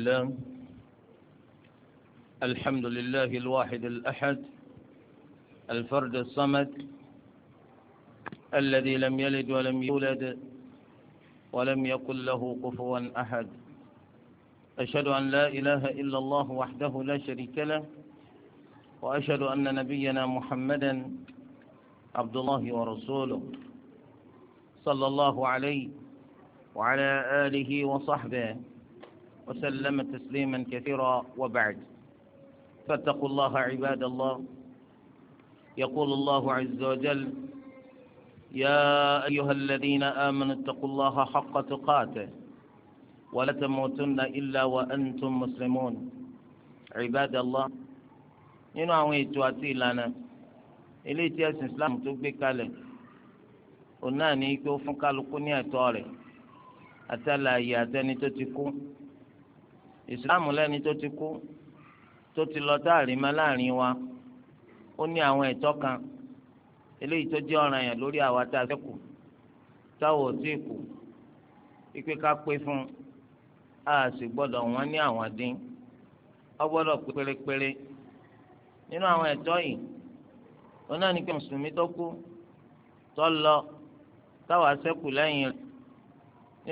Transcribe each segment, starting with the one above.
الله الحمد لله الواحد الأحد الفرد الصمد الذي لم يلد ولم يولد ولم يقل له كفوا أحد أشهد أن لا إله إلا الله وحده لا شريك له وأشهد أن نبينا محمدا عبد الله ورسوله صلى الله عليه وعلى آله وصحبه وسلم تسليما كثيرا وبعد فاتقوا الله عباد الله يقول الله عز وجل يا أيها الذين آمنوا اتقوا الله حق تقاته ولا تموتن إلا وأنتم مسلمون عباد الله nínú àwọn ètò àti ìlànà eléyìí tí ẹ̀sìn islam tó gbé kalẹ̀ òun náà ní kí ó fún kálukú ní ẹ̀tọ́ rẹ̀ àtàlàyé àtẹni tó ti kú. ìsìláàmù lẹ́ni tó ti kú tó ti lọ táàrímà láàrin wa ó ní àwọn ẹ̀tọ́ kan eléyìí tó jẹ́ ọ̀ràn yẹn lórí àwa tá a fẹ́ kù táwọn ò tíì kù ipe ká pé fún a sì gbọ́dọ̀ wọ́n ní àwọn dín ọ gbọ́dọ̀ pé pérépéré nínú àwọn ẹ̀tọ́ yìí ó náà ní kí mùsùlùmí tó kú tó lọ táwa ṣẹ́kù lẹ́yìn rẹ̀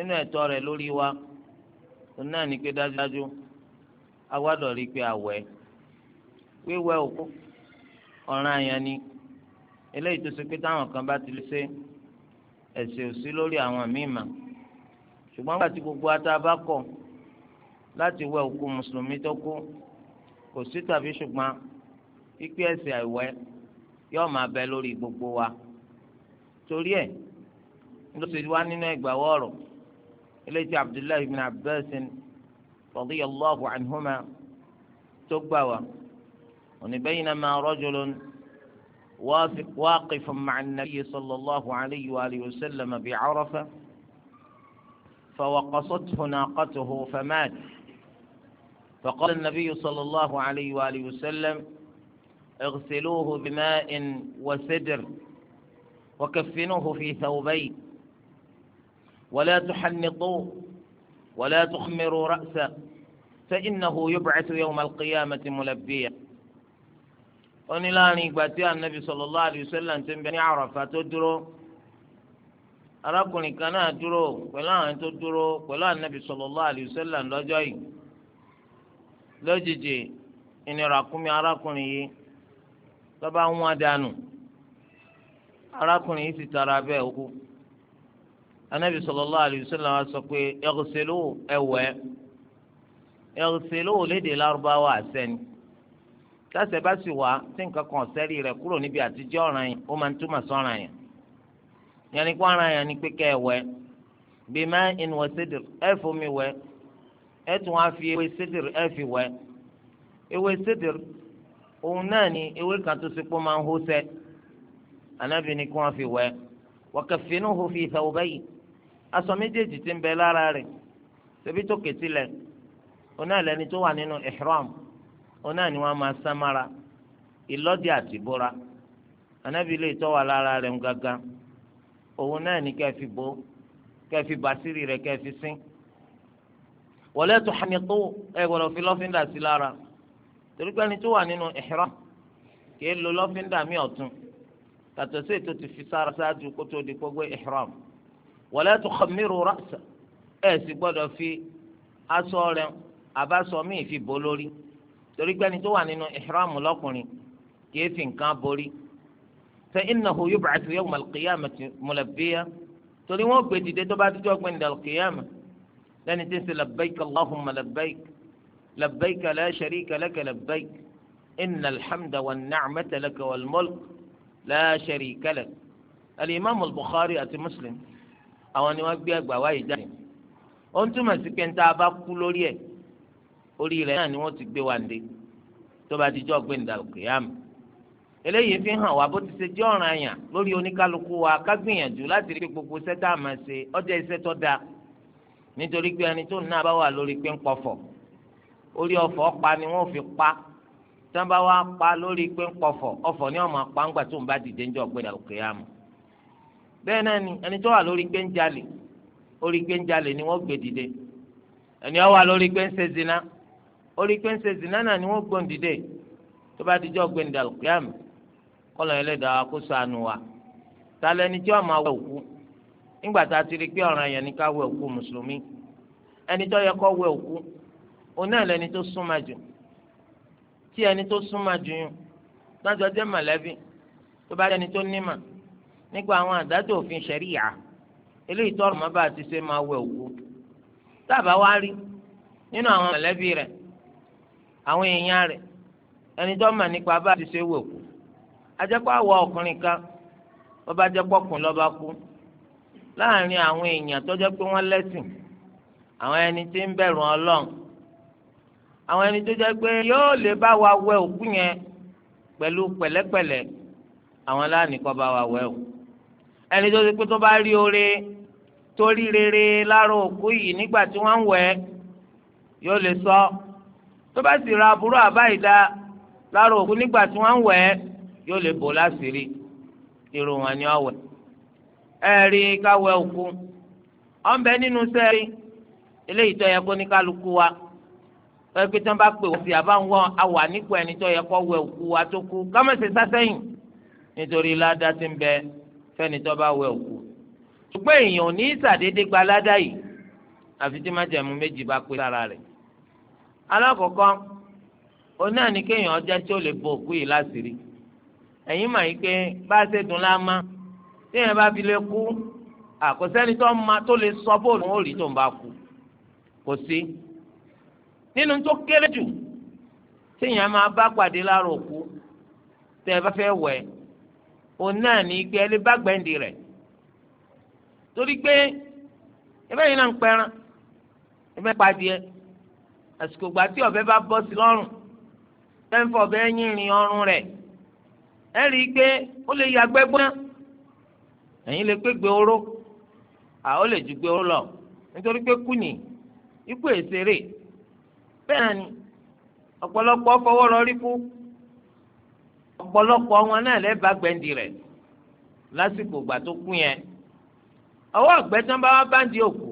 nínú ẹ̀tọ́ rẹ̀ lórí wa òun náà ní pé dájúdájú agbádọ̀ rí pé àwẹ̀ wíwẹ̀ òkú ọ̀ràn àyàn ni eléyìí tó ṣe pé táwọn kan bá ti lè ṣe ẹ̀ṣẹ̀ òsí lórí àwọn míì mà ṣùgbọ́n nígbà tí gbogbo ata bá kọ̀ láti wẹ̀ òkú mùsùlùmí tó kú kò sí tàbí ṣùgbọ́n pípé ẹ̀ṣẹ̀ àìwẹ̀ yóò máa bẹ lórí gbogbo wa torí ẹ̀ ló ṣe wá nínú ẹgbàá wọ̀ọ̀rọ̀. eléyìí tí abdullahi bin abbas radiyallahu anhuma tó gbà wá òní baynama rajulun waqifun ma'a an-nabiy sallallahu alayhi wa alihi wa sallam bi'arafa فوقصته ناقته فمات فقال النبي صلى الله عليه وآله وسلم اغسلوه بماء وسدر وكفنوه في ثوبين ولا تحنطوا ولا تخمروا رأسه فإنه يبعث يوم القيامة ملبيا oni láàrin ìgbà tí anabi sallallahu alayhi wa sallam ti ń bẹ ní àràfà tó dúró arákùnrin kan náà dúró pẹ̀lú àwọn tó dúró pẹ̀lú anabi sallallahu alayhi wa sallam lọ́jọ́ yìí lójijì ìnirakunmi arákùnrin yìí ló bá ń wọ́n dànù arákùnrin yìí sì tara bẹ́ẹ̀ kú anabi sallallahu alayhi wa sallam sọ pé ẹ̀rọ̀sẹ̀ló ẹ̀wẹ̀ ẹ̀rọ̀sẹ̀ló lédè lárúbáwá àsẹ́ni tásẹ̀ bá sì wá tí nǹkan kan sẹ́rí rẹ̀ kúrò níbi àtijọ́ ọ̀ràn yẹn ó máa ń túmọ̀ sọ́ràn yẹn yẹnni kó ara yẹn ni pé kẹ́ ẹ wẹ̀ bí má in wọ sídìr ẹ fomi wẹ̀ ẹ tún wá fi ewé sídìr ẹ fi wẹ̀ ewé sídìr òun náà ni ewé kan tó ṣe pé máa ń hó sẹ́ anábì ni kí wọ́n fi wẹ̀ wọ́n kẹfìnnú hó fi ìfẹ́ wọ́n báyìí aṣọ méjèèjì tí ń bẹ lára rẹ̀ ṣebí tó kè tilẹ̀ oná lẹni tó wà nínú ihram oná ni wọ́n máa sán mára ìlọ́dì àti bóra anábì lè tọ́ wà lára rẹ̀ ń òun náà ni kẹ́ẹ̀ fi bò kẹ́ẹ̀ fi bàṣírí rẹ̀ kẹ́ẹ̀ fi sín wọlé tó hànìkó ẹ gbọ́dọ̀ fi lọ́fíńdà sí lára torí ẹni tó wà nínú ihram kì í lo lọ́fíńdà mi ọ̀tún tàtọ̀ sí ètò ti fi sára ṣáájú kó tó di gbogbo ihram wala tukhmiru ra'sa ẹ̀ sì gbọ́dọ̀ fi aṣọ rẹ àbáṣọ míì fi bò lórí torí gbẹ́ni tó wà nínú ihram lọ́kùnrin kì í fi nǹkan borí fa innahu yub'athu yawm al-qiyamati mulabbiya torí wọ́n gbé dìde tó bá dúdú ọgbẹ́ ní al-qiyama lẹ́ni tí ń sè labbaik allahumma labbaik labbaik la sharika laka labbaik inna alhamda wa ni'mata laka wal mulk la sharika lak al bukhari àti muslim àwọn ni wọ́n gbé ẹgbà wáyé jáde ó ń túmọ̀ sí pé ń tá bá kú lórí ẹ̀ orí rẹ̀ náà ni wọ́n ti gbé wa ǹde tó bá ti jọ́ gbẹ̀ǹdà òkè àmì eléyìí fi hàn wá bó ti ṣe jẹ́ ọ̀ràn àyàn lórí oníkálukú wa ká gbìyànjú láti rí gbogbo iṣẹ́ tá a máa ṣe ọjọ́ iṣẹ́ tó dáa nítorí pé ẹni tó náà bá wà lórí pé ń pọ̀fọ̀ orí ọ̀fọ̀ pa ni wọ́n fi pa tí wọ́n bá wá pa lórí pé ń pọ̀fọ̀ ọ̀fọ̀ ni wọ́n máa pa ńgbà tó ń bá dìde ńjọ́ gbẹ̀dà òkè àmì bẹ́ẹ̀ náà ni ẹni tó wà lórí ni wọ́n gbé dìde ẹni wà lórí pé zina orí zina náà ni wọ́n gbọ́n dìde tó bá dijọ́ gbẹ̀ndà kíám kọ́lọ̀ ẹlẹ́dàá kó wa ta tí wọ́n máa wẹ̀ òkú nígbà tá a ti rí pé ọ̀ràn yẹn ni ká wẹ̀ òkú mùsùlùmí ẹni tó yẹ kó wẹ̀ òkú òun náà lẹni tó súnmọ́ nípa àwọn àdájọ́ òfin ṣẹ̀ríyà eléyìí tọrọ mọ́ bá a ti ṣe máa wẹ òkú tábà wá rí nínú àwọn mọ̀lẹ́bí rẹ̀ àwọn èèyàn rẹ̀ ẹni tó mọ̀ nípa bá a ti ṣe wẹ òkú ajẹ́pọ̀ àwọ̀ ọkùnrin kan bọ́ba jẹ́pọ̀ kùn lọ́ba kú láàrin àwọn èèyàn tó jẹ́ pé wọ́n lẹ́sìn àwọn ẹni tí ń bẹ̀rù ọlọ́run àwọn ẹni tó jẹ́ pé yóò lè bá wa wẹ òkú yẹn pẹ̀lú pẹ̀lẹ́pẹ̀lẹ́ àwọn láàánú kọ́ bá wa wẹ òkú ẹni tó ti pé tó bá rí oore tó rí rere lára òkú yìí nígbà tí wọ́n ń wẹ̀ yóò lè sọ tó bá sì ra aburú àbá ìdá lára òkú nígbà tí wọ́n ń wẹ̀ yóò lè bò láṣìírí irú wọn ni ọ̀wẹ̀ ẹ rí káwẹ̀ òkú ọ̀nbẹ nínú sẹ́ẹ̀rí eléyìí tó yẹ kó ní kálukú wa wọ́n pé tí wọ́n bá pè wọ́n sí àbá ń wọ́n ẹni tó yẹ kó wẹ̀ òkú wa tó kú kámẹ́sì sásẹ́yìn nítorí ládàá ti ń bẹ́ẹ̀ fẹ́ni tó bá wẹ òkú ṣùgbọ́n èèyàn ò ní ìsàdédé gba ládà yìí àfi tí májẹ̀mú méjì bá pé lára rẹ̀ alákọ̀ọ́kọ́ òun náà ní kéèyàn ọjọ́ tí ó lè bo òkú yìí láṣìírí ẹ̀yin mà yí pé bá a ṣe dùn láàmá téèyàn bá fi lè kú àkọsẹ́ni tó ma tó lè sọ bóòlù ó rí tó ń bá kú kò sí nínú tó kéré jù téèyàn máa bá pàdé lára òkú tẹ́ ẹ bá fẹ́ wẹ̀ ẹ́ òun náà ní gbé ẹlẹ́ bá gbẹ̀ǹdì rẹ̀ torí pé ẹbẹ́ yìí náà ń pẹran ẹbẹ́ padìẹ àsìkò gbà tí ọ̀bẹ bá bọ́ sí lọ́rùn tẹ́ǹfọ̀ ọ̀bẹ yín rin ọrùn rẹ̀ ẹ rí i pé ó lè yàgbẹ́ gbọ́n ẹ̀yin lè pé gbé oró à ó lè ju gbé oró lọ nítorí pé kú ni ikú èsèré bẹ́ẹ̀ ni ọ̀pọ̀lọpọ̀ fọwọ́ rọrí kú ọ̀pọ̀lọpọ̀ wọn náà lẹ́bàá gbẹ̀ǹdì rẹ̀ lásìkò ìgbà tó kú yẹn ọwọ́ àgbẹ̀tán bá wá báńdì òkú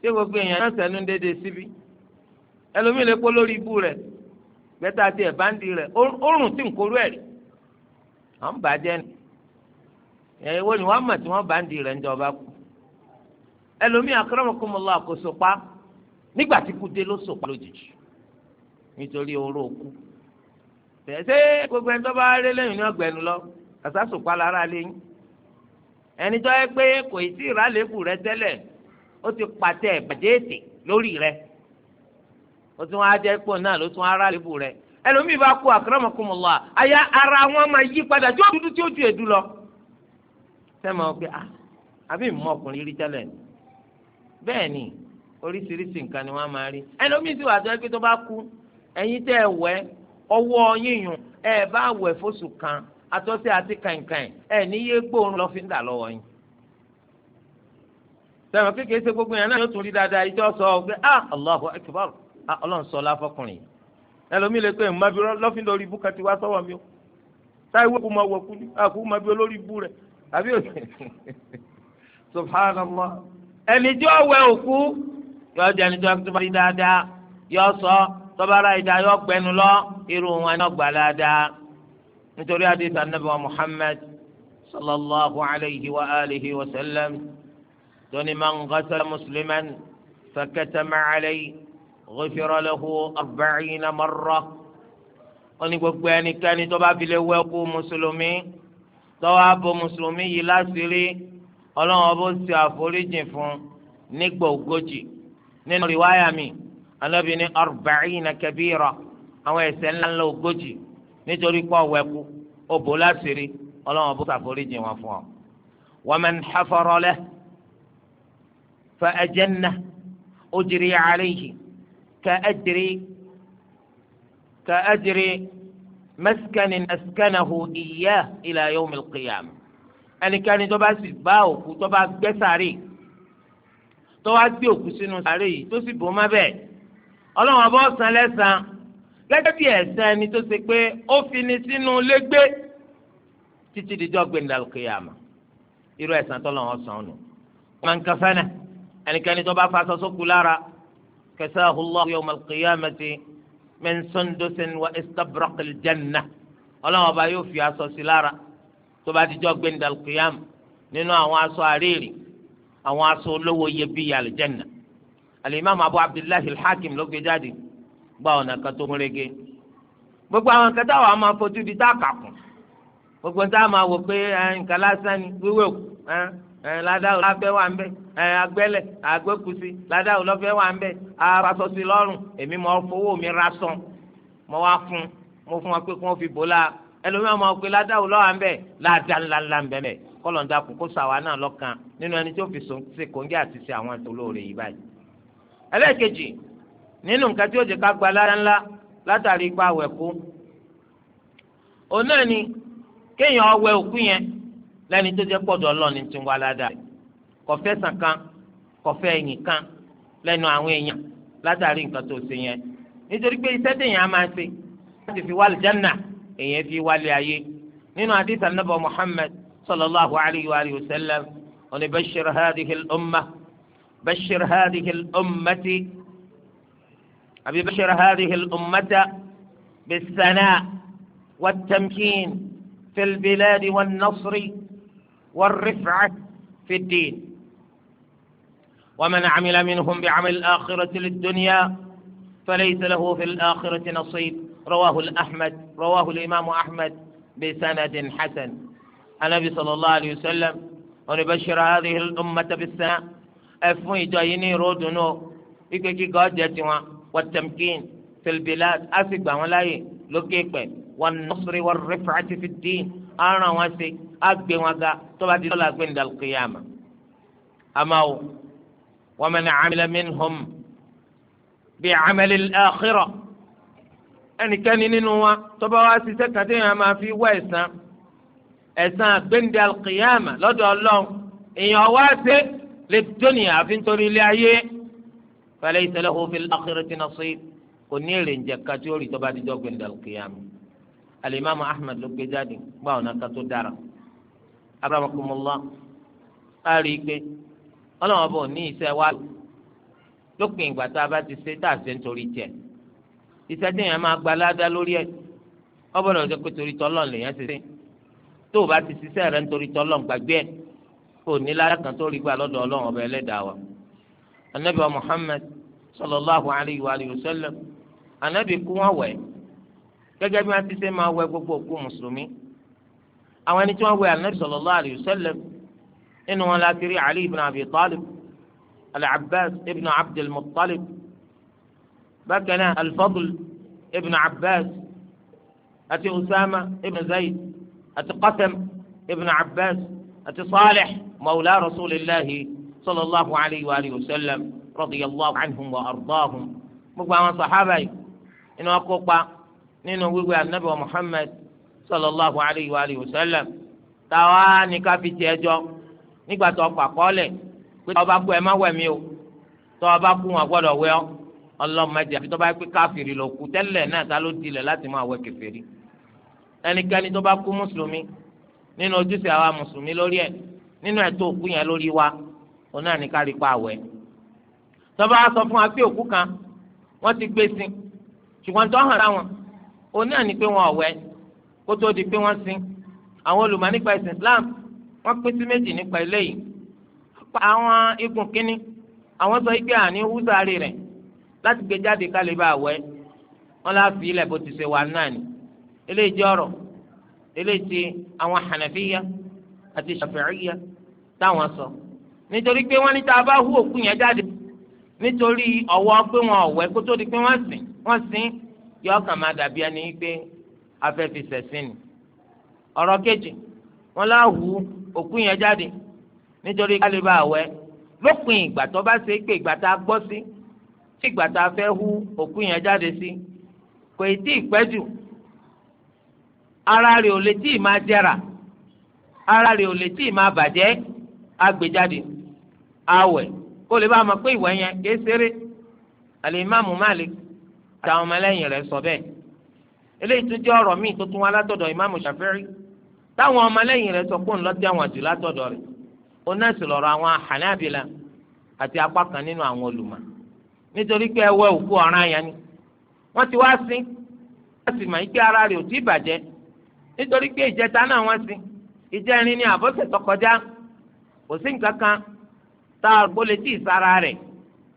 tí gbogbo èèyàn náà sẹ́nu dédé síbí ẹlòmíì lè kó lórí ibú rẹ̀ gbẹ́tà tiẹ̀ báńdì rẹ̀ òórùn tí nkorú ẹ̀rí à ń bàjẹ́ ni ẹ̀wọ́ ni wọ́n mọ̀ tí wọ́n báńdì rẹ̀ ń jọba kú ẹlòmíì akramakumullah àkóso pa nígbà tí kú dé ló sòpá lójijì nítorí oró òkú ṣé gbogbo ẹni tó bá rí lẹ́yìn ní ọgbẹ́ni lọ kàṣàṣùpá lára lẹ́yìn ẹni tó yẹ pé kò ì ìrálẹ́kù rẹ tẹ́lẹ̀ ó ti pàtẹ ìbàjẹ́ lórí rẹ ó tún wá jẹ́ pọ̀ náà ló tún rẹ ẹlòmíì bá ara wọn máa yí padà tí ó dúdú tí ó ju èdú lọ sẹ́mi ọ̀gbẹ́ ah, àbí mọ ọkùnrin rí tẹ́lẹ̀ bẹ́ẹ̀ ni oríṣiríṣi nǹkan ni wọ́n máa rí ẹlòmíì sì wà tó yẹ pé tó bá kú tẹ́ ẹ ọwọ́ yíyùn ẹ bá wẹ̀ kan atọ́sẹ́ àti kàìnkàìn ẹ níyé gbóòórùn lọ́ fi ń dà lọ́wọ́ yín. sẹ́wọ̀n kékeré ṣe gbogbo yẹn náà yóò tún rí dáadáa ìjọ sọ pé ah Allahu akbar ah, ọlọ́run sọ láfọkùnrin ẹlòmíì lè lórí ibú wá sọ́wọ́ mi o táìwé kò máa wọ̀ kú ni àkú mmabi olórí ibú àbí ẹnìjọ́ wẹ òkú yọ ẹnìjọ́ tó bá rí dáadáa irú wọn náà gbà dáadáa nítorí àdìsí anábì wa muhammad sallallahu alayhi wa alihi wa sallam tóní man ghasala musliman fakatama alayhi ghufira lahu arba'ina marra ó ní gbogbo ẹnikẹ́ni tó bá fi lè wẹ̀ kú mùsùlùmí tó wá bò mùsùlùmí yìí láṣìírí ọlọ́run ọbọ̀ sí àforíjì fún nígbà ogójì nínú rìwáyà mi anábì ní arba'ina àwọn ẹ̀ṣẹ̀ ńláńlá ogójì nítorí pé ọwọ́ ẹkú òbó láṣìírí ọlọ́run bó ṣàforíjì wọn fún ọ. wa man hafara lahu fa ajannahu ujri alayhi ka ajri ka ajri maskanin askanahu iyyahu ila yawmil qiyamah ẹnikẹ́ni tó bá sì bá òkú tó bá gbẹ́ sàárè tó wá gbé òkú sínú sàárè yìí tó sì bò má bẹ́ẹ̀ ọlọ́run ọba ọ̀sán lẹ́sàn-án gẹ́gẹ́ bí ẹ̀sán ẹni tó ṣe pé ó fi ni sínú légbé títí di dọ́gbé ndàlùkìyàmà irú ẹ̀sán tó lọ́wọ́ sàn nù. man kafana ẹnikẹ́ni tó bá faṣọ sókù lára kasahu Allahu yawma al-qiyamati min sundusin wa istabraqil janna ọlọ́wọ́ bá yóò fi aṣọ sí lára tó bá di dọ́gbé ndàlùkìyàmà nínú àwọn aṣọ àríyìn àwọn aṣọ olówó iyebíye àlùjẹ́nà alimami abu abdullahi alhakim ló gbé jáde gba ọ̀nà kan tó múrege gbogbo àwọn nǹkan táwọn a máa fojú di táàkà kùn gbogbo táwọn máa wò pé nǹkan lásán ni wíwẹ̀ kù ládàá olọ́fẹ́ wà ń bẹ̀ agbẹ́lẹ̀ agbẹ́kùsí ládàá olọ́fẹ́ wà ń bẹ̀ arasọ́sí lọ́rùn èmi mọ̀ fowó mi ra sàn mọ̀ wá fún mo fún wa pé kí wọ́n fi bò la ẹlòmíràn máa pe ládàá olọ́wà ń bẹ̀ ládàá ńláńlá ń bẹ̀ mẹ́ kọ́lọ̀ǹda kù kó sàwa náà lọ́kàn nínú ẹni tó fi sèkóńgé àti ṣe àwọn àtòlóore yìí báyìí nínú nǹkan tí ó jẹ ká gba lára ńlá látàrí ipa àwẹ̀ kú òun náà ni kéèyàn ọwẹ́ òkú yẹn lẹ́ni tó jẹ́ pọ̀dọ̀ ọlọ́ọ̀ni ti wá ládàá kọfẹ́ sàn kan kọfẹ́ ẹ̀yìn kan lẹ́nu àwọn èèyàn látàrí nǹkan tó ṣe yẹn nítorí pé iṣẹ́ téèyàn á máa ṣe láti fi wá àlùjánnà èèyàn fi wálé ayé nínú àdìsá nàbọ̀ Muhammad sallallahu alayhi wa sallam oní bashir hadhihi al-umma bashir hadhihi أبي بشر هذه الأمة بالثناء والتمكين في البلاد والنصر والرفعة في الدين ومن عمل منهم بعمل الآخرة للدنيا فليس له في الآخرة نصيب رواه الأحمد رواه الإمام أحمد بسند حسن النبي صلى الله عليه وسلم ونبشر هذه الأمة بالثناء أفوي جايني رودنو إكي كي والتمكين في البلاد أسيب ولاي لوكيكبي والنصر والرفعة في الدين أنا واسي أكبر وغا طبعا دي الله عند القيامة أما ومن عمل منهم بعمل الآخرة ẹnikẹ́ni nínú wa tó bá wá في kan tí èèyàn máa fi wá ẹ̀san ẹ̀san gbẹ̀ndẹ̀ alqiyama lọ́dọ̀ ọlọ́run wá ṣe lè dóni àfi nítorí ilé ayé falaysa lahu fil akhirati nasib kò ní èrè ńjẹ ká tí ó rí tọ́ba dídọ́ gbẹ̀ndà kìyàmù alimami ahmed ló gbé jáde gbá ọ̀nà ká tó dára abrahamakumullah a rí i pé ọlọ́wọ́n bò ní iṣẹ́ wa lópin ìgbà tá a bá ti ṣe tá a ṣe ń torí tiẹ̀ tí èèyàn máa gba ládàá lórí ẹ̀ ọ̀bọ̀n ọ̀sẹ̀ pé torí tọ́lọ̀ lèèyàn ti ṣe tó o bá ti ṣiṣẹ́ rẹ̀ ń torí tọ́lọ̀ gbàgbé ẹ̀ kò ní ládàá kan tó rí gbà lọ́dọ̀ ọlọ́wọ́n ọba ẹlẹ́dàá wa anabi wa muhammad sallallahu alayhi wa sallam anabi kú wọn wẹ̀ gẹ́gẹ́ bí wọ́n ti ṣe máa wẹ̀ gbogbo òkú mùsùlùmí àwọn ẹni tí wọ́n wẹ̀ anabi sallallahu alayhi wa sallam nínú wọn láti rí ali ibn abi talib al-abbas ibn abdul muttalib bákan náà al-fadl ibn abbas àti usama ibn zayd àti qasem ibn abbas àti salih mawla rasulillahi. صلى الله عليه وآله وسلم رضي الله عنهم وأرضاهم مقبع صحابي إن أقوى نين ويقوى النبي محمد صلى الله عليه وآله وسلم تواني كافي تيجو نقبع توقع قولي tọba kú ẹ má wẹ̀ mí o tọba kú wọn gbọ́dọ̀ wẹ̀ ọ́ ọlọmọdé àfi tọba pé káfìrí lọ kú tẹ́lẹ̀ náà ta ló dilẹ̀ láti máa wẹ̀ kèfèrí ẹnikẹ́ni tọba kú mùsùlùmí nínú ojúṣe àwa mùsùlùmí lórí ẹ̀ nínú ẹ̀tọ́ òkú yẹn lórí wa òun náà ní kárí pa àwẹ̀ tọ́ba sọ fún wa pé òkú kan wọ́n ti gbé sin ṣùgbọ́n tó hàn láwọn òun náà ní pé wọn ọ̀wẹ́ kó tó di pé wọ́n sin àwọn olùmọ̀ nípa ẹ̀sìn Islam wọ́n pín sí méjì nípa eléyìí àwọn igun kínní àwọn sọ pé àní húsàárì rẹ̀ láti gbé jáde ká lè bá àwẹ̀ fi ilẹ̀ bó ti ṣe wà náà ni eléyìí jẹ́ eléyìí ti àwọn Hànàfíyà àti Ṣàfi'íyà táwọn sọ. So nítorí pé wọ́n ní tá a bá hú òkú yẹn jáde nítorí ọ̀wọ́ pé wọn ọ̀wẹ́ kó tó di pé wọ́n sìn wọ́n sìn yọ kàn máa dàbí ẹni pé afẹ́fi sẹ̀sìn ni. ọ̀rọ̀ kejì wọn lá hú òkú yẹn jáde nítorí ká lè bá àwẹ́ lópin ìgbà tó bá ṣe é pé ìgbà tá a gbọ́ sí tí ìgbà tá a fẹ́ hú òkú yẹn jáde sí kò ì tí ì pẹ́ jù ara rẹ̀ ò lè tí ì máa jẹrà ara rẹ̀ ò lè tí ì máa bàjẹ́ agbèjáde awẹ̀ kó lè bá a pé ìwẹ̀ yẹn kìí ṣeré alimami Malik táwọn ọmọlẹ́yìn rẹ̀ sọ bẹ́ẹ̀ eléyìí tó jẹ ọ̀rọ̀ míì tó tún látọ̀dọ̀ imamu Shafi'i táwọn ọmọlẹ́yìn rẹ̀ sọ pé òun àwọn náà sì lọrọ àwọn àti apá nínú àwọn nítorí pé òkú kò kan tá a gbọ́ létí ìsara rẹ̀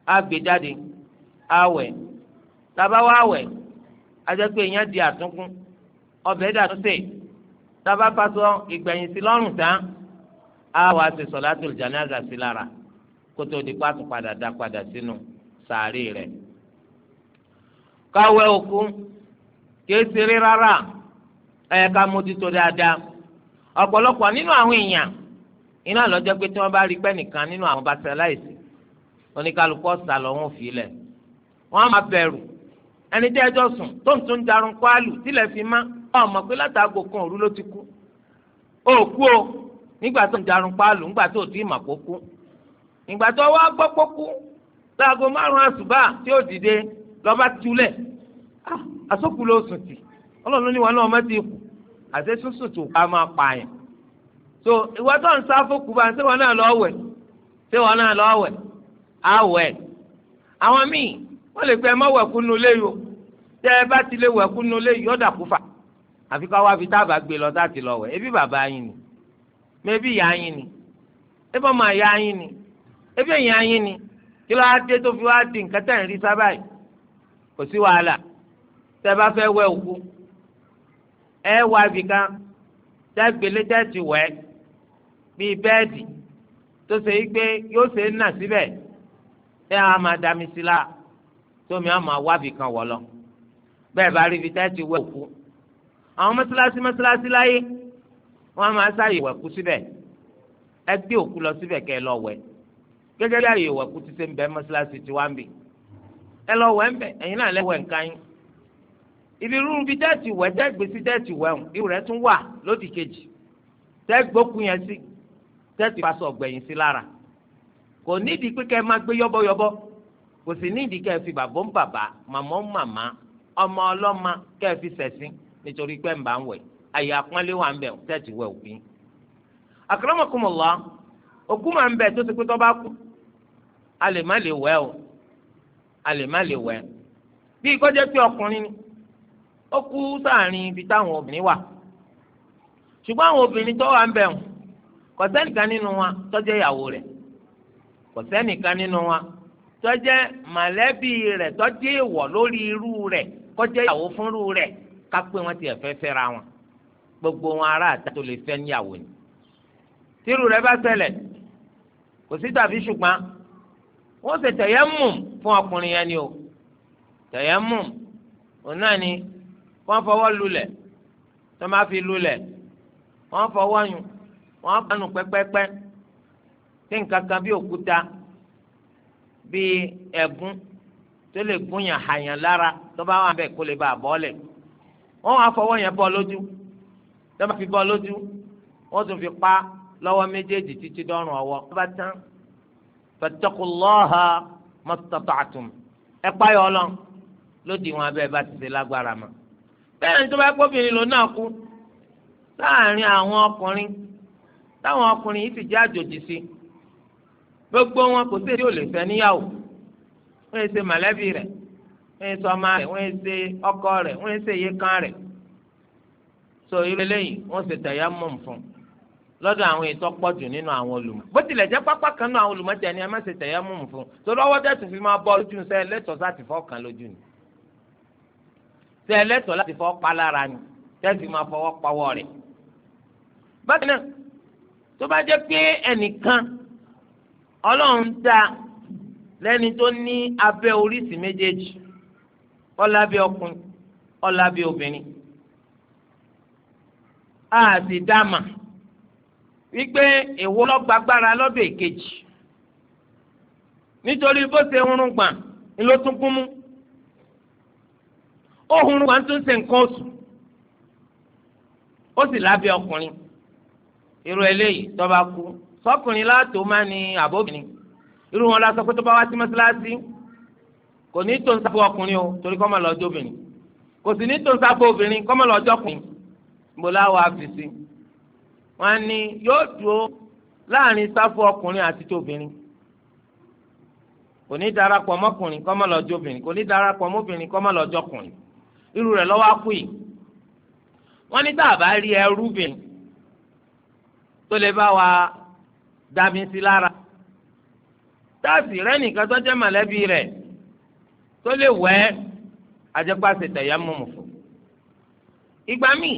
á gbé jáde á wẹ̀ tàbá wá wẹ̀ ajẹ́pẹ́ èèyàn di àtúnkún ọbẹ̀ dàtúnṣe tàbá fasọ ìgbẹ̀yìn sí lọ́rùn tán á wà á ṣe sọ̀látùl jánásà sí lára kótó di pàtó padà dá padà sínú sàárè rẹ̀. káwé òkú rárá ẹ̀ka iná lọ́jọ́ pé tí wọ́n bá rí pẹ́ nìkan nínú àwọn bàtàláìsì oníkálukú ọ̀sà lọ́wọ́n fi lẹ̀ wọ́n máa bẹ̀rù ẹni tí ẹjọ́ sùn tó ń tún darun kwálù tílẹ̀ fi má ọ mọ̀ pé látàgò kan òru ló ti kú ó kú o nígbà tó ń darun kwálù nígbà tó ti mà kó kú ìgbà tó wá gbọ́ pé kú láago márùn-ún àṣùbà tí ó dìde lọ́ba túlẹ̀ ah, àsọkù ló tì ọlọ́run ní wọn náà mọ́ ti kù àti sísùn tó ká máa pààyàn so ìwọ tó ń sá fún ṣé wọn náà lọ wẹ̀ ṣé wọn náà lọ wẹ̀ á wẹ̀ àwọn míì wọ́n lè pẹ́ ẹ má nu lé yo tẹ́ ẹ bá ti lè wẹ̀kú nu lé yóò dà kú fà àfi ká wá fi táàbà gbé lọ láti lọ wẹ̀ ebi bàbá yín ni mẹbi ìyá yín ni ebi ọmọ ìyá yín ni ebi ìyá yín ni kí ló á dé tó fi wá di nǹkan tẹ̀ ń rí sábà yìí kò sí wàhálà tẹ́ bá fẹ́ wẹ̀ òkú ẹ wá ibìkan tẹ́ gbélé tẹ́ ti wẹ̀ bíi bẹ́ẹ̀dì tó ṣe pé yóò ṣe é nà síbẹ̀ ẹ á máa dami sí la tómi á máa wábì kan wọ̀ lọ bẹ́ẹ̀ bá rí ibi tẹ́ ti wẹ̀ òkú àwọn mọ́sálásí mọ́sálásí láyé wọ́n á máa sáyè wẹ̀ kú síbẹ̀ ẹ gbé òkú lọ síbẹ̀ kẹ́ ẹ lọ wẹ̀ gẹ́gẹ́ bí àyè wẹ̀ kú ti ṣe ń bẹ mọ́sálásí ti wá ń bì ẹ lọ wẹ̀ ń bẹ̀ ẹ̀yin náà lẹ́wẹ̀ nǹkan yín ibi rúru bíi tẹ́ẹ̀tì wẹ̀ tẹ́ẹ̀gbèsí tẹ́ẹ̀tì wẹ̀ ń irú tún wà lódì kejì tẹ́ẹ̀gbókun yẹn sí. tẹ́tì fa sọ gbẹ̀yìn sí lára kò nídìí pé máa gbé yọ́bọ́yọ́bọ́ kò sì nídìí kẹ́ ẹ fi bàbá ń bàbá màmá ń màmá ọmọ ọlọ́mà kẹ́ ẹ fi sẹ̀sìn nítorí pé ń bá ń wẹ̀ àyè àpọ́nlé wà ń bẹ̀ wẹ̀ òkú ń bẹ̀ tó ti pé bá a lè má lè a lè má lè wẹ̀ bí ìkọ́jẹ́ ọkùnrin ó kú sáàrin ibi kò sẹ́nìkan nínú wa tó jẹ́ ìyàwó rẹ̀ kò sẹ́nìkan nínú wa tó jẹ́ mọ̀lẹ́bí rẹ̀ tó jẹ́ ìwọ̀ lórí irú rẹ̀ kó jẹ́ ìyàwó fúnrú rẹ̀ ká pé wọ́n tiẹ̀ fẹ́ fẹ́ra wọn gbogbo wọn ará àta tó lè fẹ́ níyàwó ni tírú rẹ̀ bá ṣẹlẹ̀ kò sí tàbí ṣùgbọ́n wọ́n ṣe tẹ̀yẹ́mù fún ọkùnrin yẹn ni o tẹ̀yẹ́mù òun náà ni wọ́n fọwọ́ lulẹ̀ tó máa fi lulẹ̀ wọ́n yùn wọn á bánu pẹ́pẹ́pẹ́ tí nǹkan kan bí òkúta bí ẹ̀gún tó lè gún yàn hàyàn lára tó bá wà bẹ́ẹ̀ kó lè bá a wọn á fọwọ́ yẹn bọ́ lójú tó bá fi bọ́ lójú wọn tún fi pa lọ́wọ́ méjèèjì títí dọ́rùn ọwọ́ tó bá tán fattaqullaha mastata'tum ẹ páyọ̀ ọlọ́run lódì wọn abẹ́ bá ti ṣe lágbára mọ́ bẹ́ẹ̀ ni tó bá pọ́bìnrin lòun náà kú láàrin àwọn ọkùnrin táwọn ọkùnrin yìí sì jẹ́ àjòjì sí gbogbo wọn kò sí èdè ò lè fẹ́ níyàwó wọ́n yẹ ṣe mọ̀lẹ́bí rẹ̀ wọ́n ṣe ọmọ rẹ̀ wọ́n ṣe ọkọ rẹ̀ wọ́n yẹ ṣe ìyekan rẹ̀ so irú eléyìí wọ́n ṣe tẹ̀yà mọ̀ fún lọ́dọ̀ àwọn ètò pọ̀jù nínú àwọn olùmọ̀ bó tilẹ̀ jẹ́ pápá kan náà àwọn olùmọ̀ tẹ̀ ni ẹ má ṣe tẹ̀yà mọ̀ fún torí ọwọ́ tẹ̀ tún fi máa bọ́ lójú sẹ́ lẹ́tọ̀ọ́ láti fọ́ kan lójú ni sẹ́ lẹ́tọ̀ọ́ láti fọ́ pa lára ni tẹ́ fi máa fọwọ́ pawọ́ rẹ̀ bákan náà tó bá jẹ́ pé ẹnìkan ọlọ́run dá lẹ́ni tó ní abẹ́ oríṣi méjèèjì ọlábẹ́ ọkùnrin ọlábẹ́ obìnrin a sì dáàmà wípé èwo lọ́gbàgbára lọ́dọ̀ èkejì nítorí bó ṣe ń rún gbà ló tún kún mú ó hun rún gbà tó ń ṣe nǹkan oṣù ó sì lábẹ́ ọkùnrin irú eléyìí tó bá kú sọkùnrin látò má ní àbóbìnrin irú wọn la sọ pé tó bá wá sí mọ́sálásí kò ní tó ń sábò ọkùnrin o torí kọ́mọ lọ́jọ́ obìnrin kò sì ní tó ń sábò obìnrin kọ́mọ lọ́jọ́ ọkùnrin níbo láwọ àfìsí wọn ni yóò dúró láàrin sáfù ọkùnrin àti tóbìnrin kò ní darapọ̀ mọ́kùnrin kọ́mọ lọ́jọ́ obìnrin kò ní darapọ̀ mọ́bìnrin kọ́mọ lọ́jọ́ ọkùnrin irú rẹ̀ lọ́wọ́ á kú yìí wọ́n ní tá a bá rí ẹrú bìnrin tó lè bá wa dàbí sí lára táàsì rẹ nìkan tó jẹ́ mọ̀lẹ́bí rẹ̀ tó lè wẹ́ ajẹ́pàṣẹ tẹ̀yà mọ̀mù fún. ìgbà míì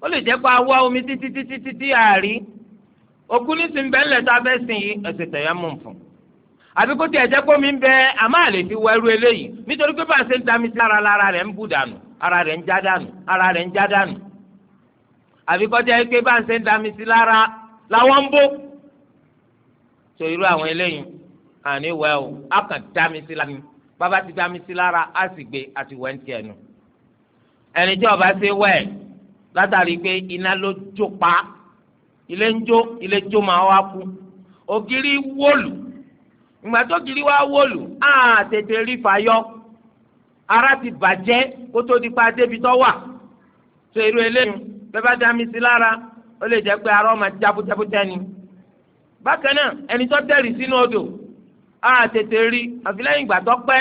ó lè jẹ́ pé a wá omi títí títí títí àárí òkú nísìnyí bẹ́ẹ̀ lẹ́tọ́ abẹ́ sìn yìí ẹ̀sẹ̀ tẹ̀yà mọ̀mù fún. àbí kó tiẹ̀ jẹ́ pé omi ń bẹ àmọ́ àlè fi wọ eléyìí nítorí pé bá a ṣe ń dami sí ara lára rẹ̀ ń bù dànù ara rẹ̀ ń já dànù ara rẹ̀ ń já dànù àbí kọjá yìí pé bá ń ṣe ń dami sí lára làwọn ń bó tó irú àwọn eléyìí àní wẹ o a kàn dami sí lára bàbá ti dami sí lára a sì gbé àti wẹ́ ń tiẹ̀ nù ẹni tí ọba ṣe wẹ̀ látàrí pé iná ló jó pa ilé ń jó ilé jó máa wá kú ògiri wólù ìgbà tó giri wá wólù á tètè rí fàyọ ara ti bàjẹ́ kó di pa débi tó wà tó irú eléyìí bẹ́ẹ̀ bá dá mi sí lára ó lè jẹ́ pé ni bákan náà ẹni tó tẹ̀rì sínú odò tètè rí àfi ìgbà tó pẹ́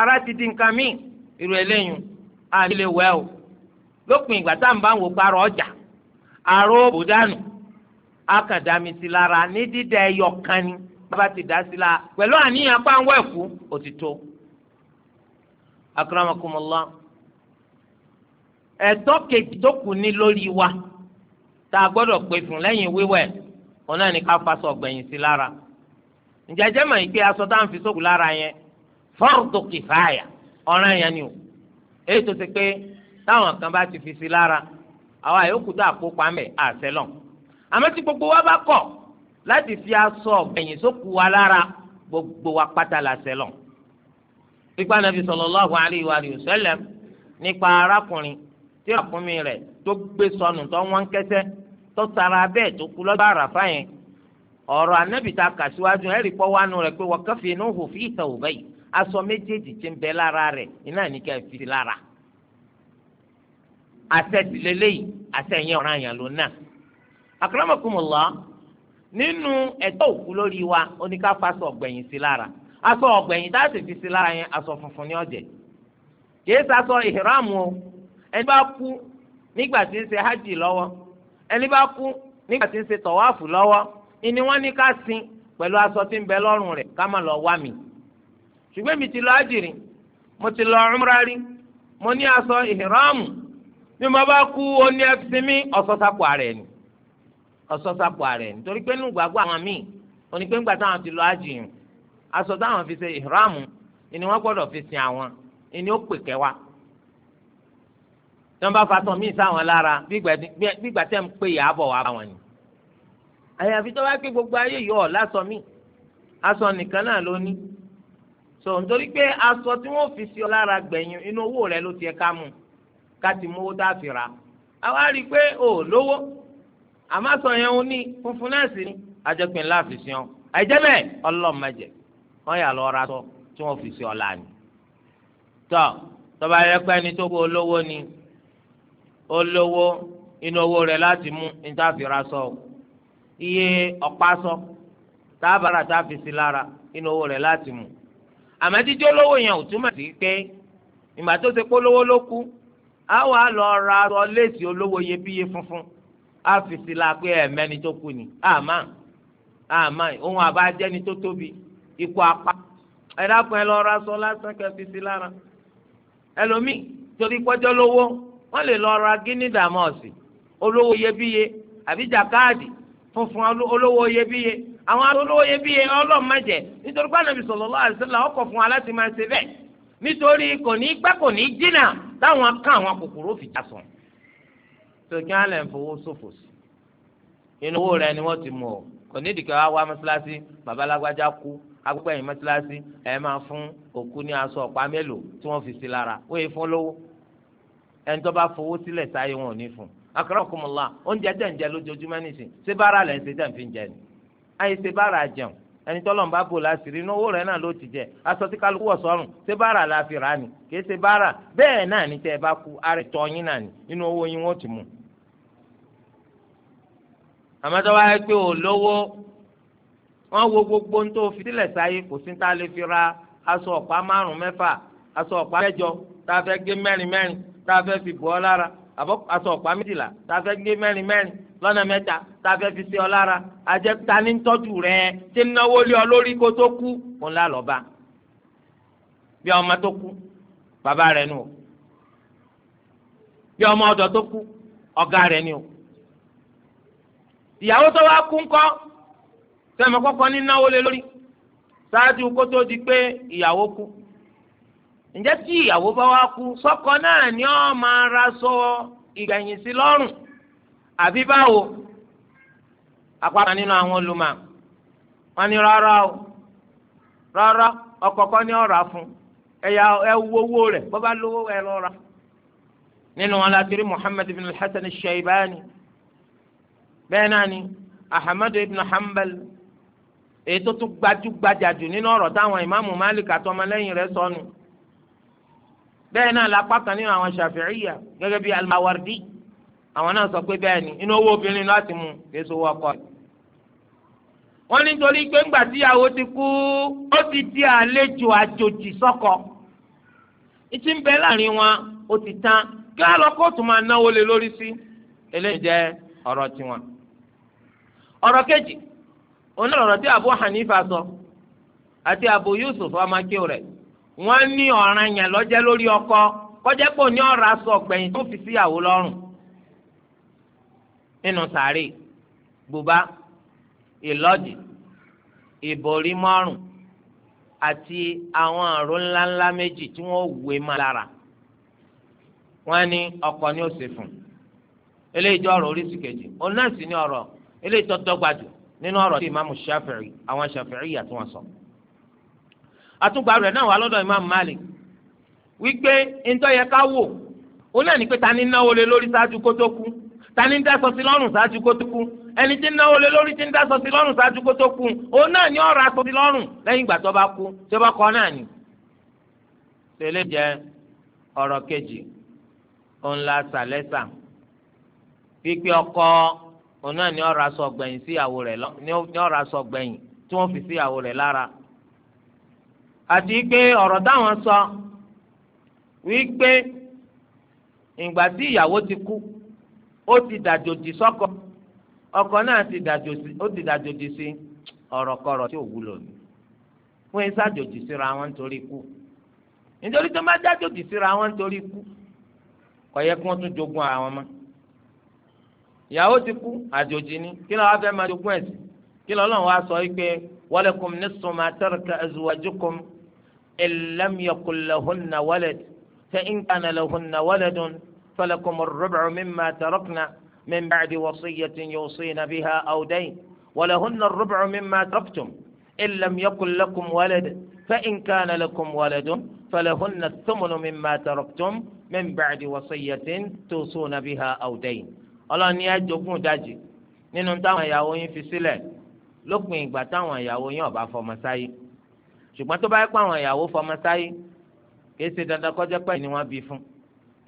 ara ti di nǹkan míì irú a ní lè o lópin ìgbà tá à ń bá wò parọ́ ọjà àrò òdànù akàdámi sí lára ní dídá ẹyọ kan ni bàbá ti dá sí ẹ̀tọ́ kejì tó kù ní lórí wa tá a gbọ́dọ̀ pè fún lẹ́yìn wíwẹ̀ òun náà ní ká faṣọ gbẹ̀yìn sí lára ǹjẹ́jẹ́ mọ̀ ìpè aṣọ tá à ń fi sókù lára yẹn fọ́ọ̀dù kìfáàyà ọ̀ràn yẹn ni o èyí tó ti pé táwọn kan bá ti fi sí lára àwa yòókù tó àkópa tí gbogbo wa bá kọ̀ láti fi aṣọ gbẹ̀yìn sókù wa lára gbogbo wa pátá la ṣẹlọ̀ pípa nàbì sallallahu alaihi wa nípa arákùnrin tí ràkúnmí rẹ̀ tó gbé sọnù tó wọ́n kẹ́sẹ́ tó tara bẹ́ẹ̀ tó kú lọ́gbà àràfà yẹn ọ̀rọ̀ anábìta kàṣíwájú ẹ̀rí pọ́ wánu rẹ̀ pé wọ́n kẹ́fì inú hù fi ìtàn òbẹ́ yìí aṣọ méjèèjì ti ń bẹ lára rẹ̀ iná ní ká fi lára àṣẹ tìlélẹ́ yìí àṣẹ yẹn yẹn ló náà nínú ẹ̀tọ́ òkú lórí wa oníkàfàṣọ ọ̀gbẹ̀yìn sí lára aṣọ ọ̀gbẹ̀yìn dáàtì fi sí lára yẹn aṣọ funfun o ẹni bá kú nígbà tí ń ṣe hajj lọ́wọ́ ẹni bá kú nígbà tí ń ṣe tọ̀wáàfù lọ́wọ́ ìní wọ́n ní ká sin pẹ̀lú aṣọ tí ń bẹ lọ́rùn rẹ̀ ká má lọ wá mi ṣùgbọ́n mi ti lọ hajj mo ti lọ umra rí mo ní aṣọ ìhìrọ́ọ̀mù bí mo bá kú ó ní ẹfisi mi ọ̀sọ́sàpọ̀ ààrẹ ni ọ̀sọ́sàpọ̀ ààrẹ ni torí pé nùgbàgbọ́ àwọn míì oní pé ńgbà táwọn ti lọ hajj yìí aṣọ táwọn fi ṣe ìhìrọ́ọ̀mù ìní wọ́n gbọ́dọ̀ fi sin àwọn ìní ó pè kẹwàá tí wọ́n bá fatọ́ míì sáwọn lára bígbà tẹ́ ń pè yà bọ̀ wá wọn ni. àyàfi tó bá pé gbogbo ayé yọ ọ̀ lásọ mi aṣọ nìkan náà ló ní. sọ nítorí pé aṣọ tí wọ́n fi sí ọ lára gbẹ̀yìn inú owó rẹ ló ti ẹ̀ ká mu ká ti mú owó tá a àwa rí i pé ò lówó àmọ́ aṣọ yẹn ń ní funfun náà sì ni ajẹ́pin láàfin sí ọ. àìjẹ́ bẹ́ẹ̀ ọlọ́mọdé wọ́n yà lọ ra aṣọ tí wọ́n fi sí ọ láàánú. tọ́ tọ́ba yẹ pé tó gbó olówó ni olówó inú owó rẹ̀ láti mú níta sọ iye ọ̀pá sọ tábàrà tá a fi sí lára inú owó rẹ̀ láti mú àmọ́jíjó lówó yẹn ò túmọ̀ sí pé ìgbà tó ṣe polówó ló kú a wà lọ ra aṣọ léèsì olówó iyebíye funfun a fi sí la pé ẹ̀mẹ́ni tó kú ni àmà àmà ohun àbájẹ́ni tó tóbi ikú apá ẹ̀dá kan ẹ lọ ra aṣọ lásán kẹfì sí lára ẹlòmíì torí pọ́jọ́ lówó wọ́n lè lọ ra gíní dàmọ́ọ̀sì olówó iyebíye àbí jàkáàdì funfun olówó iyebíye àwọn olówó iyebíye ọlọ́run má jẹ nítorí pé ànábì sallallahu alaihi wasallam ọkọ̀ fún wa láti máa ṣe bẹ́ẹ̀ nítorí kò ní pẹ́ kò ní jìnnà táwọn kan àwọn kòkòrò fìjà sùn. sọ̀kí alẹ́ ń fowó ṣòfò sí inú owó rẹ ni wọ́n ti mú ọ kò ní ìdìkẹ́ wa wá mọ́ṣáláṣí babalágbájá kú agbẹ́yìn mọ́ṣáláṣí ẹ̀ máa fún òkú ní aṣọ ọ̀pá mélòó tí wọ́n fi sí lára wọ́n yìí fún lówó e. fowó sílẹ̀ sáyé wọn ò ní fún akramakumullah oúnjẹ tẹ̀ ń jẹ lójoojúmọ́ ṣé bára ń ṣe ń fi jẹ ni ayé ṣe bára jẹun ẹni tọ́lọ̀ ń bá bò láṣìírí inú owó rẹ̀ náà ló ti jẹ aṣọ tí kálukú wọ̀ sọ́run ṣé bára la fi rà ni kì í ṣe bára bẹ́ẹ̀ náà tẹ́ ẹ bá kú tọ́ yín náà ni inú owó yín wọ́n ti mú. yẹ pé ò lówó wọ́n wo gbogbo ń tó fi sílẹ̀ sáyé kò sí lè fi ra aṣọ ọ̀pá márùn-ún mẹ́fà aṣọ ọ̀pá mẹ́jọ tá a fẹ́ gé mẹ́rin mẹ́rin tá a fẹ́ fi bọ́ ọ lára àbọ̀ aṣọ ọ̀pá méjìlá tá a fẹ́ gbé mẹ́rin mẹ́rin lọ́nà mẹ́ta tá a fẹ́ fi sí ọ lára àjẹ́ ta ní tọ́jú rẹ̀ tí náwó lé ọ lórí kó tó kú kó ńlá lọ bá bí ọmọ tó kú bàbá rẹ̀ nù bí ọmọ ọ̀dọ̀ tó kú ọ̀gá rẹ̀ ni ìyàwó tó wá kú ńkọ́ sẹ́mi kọ́kọ́ ní náwó lé lórí ṣáájú kó tó di pé ìyàwó kú ǹjẹ́ tí ìyàwó bá wá kú sọ́kọ náà ni ó máa ra sọ ìgbẹ̀yìn sí lọ́rùn àbí báwo apákan nínú àwọn olùmọ̀ wọn ni rárá o rárá ni fún ẹ̀yà rẹ̀ lówó ẹ̀ lọ́ra nínú Muhammad hasan bẹ́ẹ̀ náà ni Hanbal èyí tó tún gbajúgbajà jù nínú ọ̀rọ̀ táwọn ìmáàmù Malik àtọmọlẹ́yìn sọnù. bẹ́ẹ̀ náà lápá kan nínú àwọn ṣàfihìyà gẹ́gẹ́ bíi alimawardi àwọn náà sọ pé bẹ́ẹ̀ ni inú owó obìnrin láti mú késo owó ọkọ rẹ̀. wọ́n pé ńgbà tíyàwó ti kú ó ti di àlejò àjòjì sọ́kọ. ìtì ń bẹ láàrin wọn ó ti tán kí á lọ kóòtù máa náwó lé lórí sí eléyìí jẹ́ ọ̀rọ̀ tiwọn. ọ̀rọ̀ kejì òun tí Abu Hanifa sọ àti Abu Yusuf wọ́n ní ọ̀ràn yẹn lọ́jẹ́ lórí ọkọ kọjá pò ní ọ̀rọ̀ aṣọ ọ̀gbẹ̀yìn tó fi síyàwó lọ́rùn nínú sàárè bùbá ìlọ́dì ìbòrí mọ́rùn àti àwọn àrùn ńláńlá méjì tí wọ́n wé má lára wọ́n ní ọkọ ní òsè fún eléyìí jẹ́ ọ̀rọ̀ oríṣi kejì òun náà sì ní ọ̀rọ̀ eléyìí tó dọ́gba nínú ọ̀rọ̀ tí ìmáàmù Ṣáfi'í àwọn Ṣáfi'í yà tí wọ́n sọ. So àtúgbà rẹ̀ náà wà lọ́dọ̀ Imam Malik wípé ntọ́ yẹ ká wò ó náà ní pé ta ni náwó lé lórí ṣáájú kó tó kú ta ni ń dá sọsí lọ́rùn ṣáájú kó tó kú ẹni tí ń náwó lé lórí ti ń dá sọsí lọ́rùn ṣáájú kó tó kú òun náà ní ọ̀rọ̀ asọsí lọ́rùn lẹ́yìn ìgbà tó bá kú tó bá kọ́ náà ni. tẹ́lẹ̀ jẹ́ ọ̀rọ̀ kejì òun la sàlẹ́sà pípé ọkọ òun náà ní ọ̀rọ̀ asọ̀gbẹ̀yìn síyàwó rẹ̀ ní ọ̀rọ̀ asọ̀gbẹ̀yìn tí wọ́n fi síyàwó rẹ̀ lára àti pé ọ̀rọ̀ táwọn sọ wípé ìgbà tí ìyàwó ti kú ó ti dàjòjì sọ́kọ ọkọ náà ti dàjòjì ó ti dàjòjì sí ọ̀rọ̀kọ̀rọ̀ tí ò wúlò ní wọ́n ń ṣàjòjì síra wọn nítorí kú nítorí tó bá dàjòjì síra wọn nítorí kú kò yẹ kí wọ́n tún jogún ara wọn mọ́ ìyàwó ti kú àjòjì ni kí ló fẹ́ máa jogún ẹ̀sìn kí lọ́lọ́run wá sọ wípé walakum nisfu ma taraka azwajukum إن لم يكن لهن ولد فإن كان لهن ولد فلكم الربع مما تركنا من بعد وصية يوصين بها أو دين ولهن الربع مما تركتم إن لم يكن لكم ولد فإن كان لكم ولد فلهن الثمن مما تركتم من بعد وصية توصون بها أو دين ọlọ́run ní ajogún dájì nínú táwọn ìyàwó yín fi sílẹ̀ lópin ìgbà táwọn ìyàwó yín ṣùgbọ́n tó bá yẹ pé àwọn ìyàwó fọmọ sáyé kì í ṣe dandan kọjá pé ni wọ́n bí fún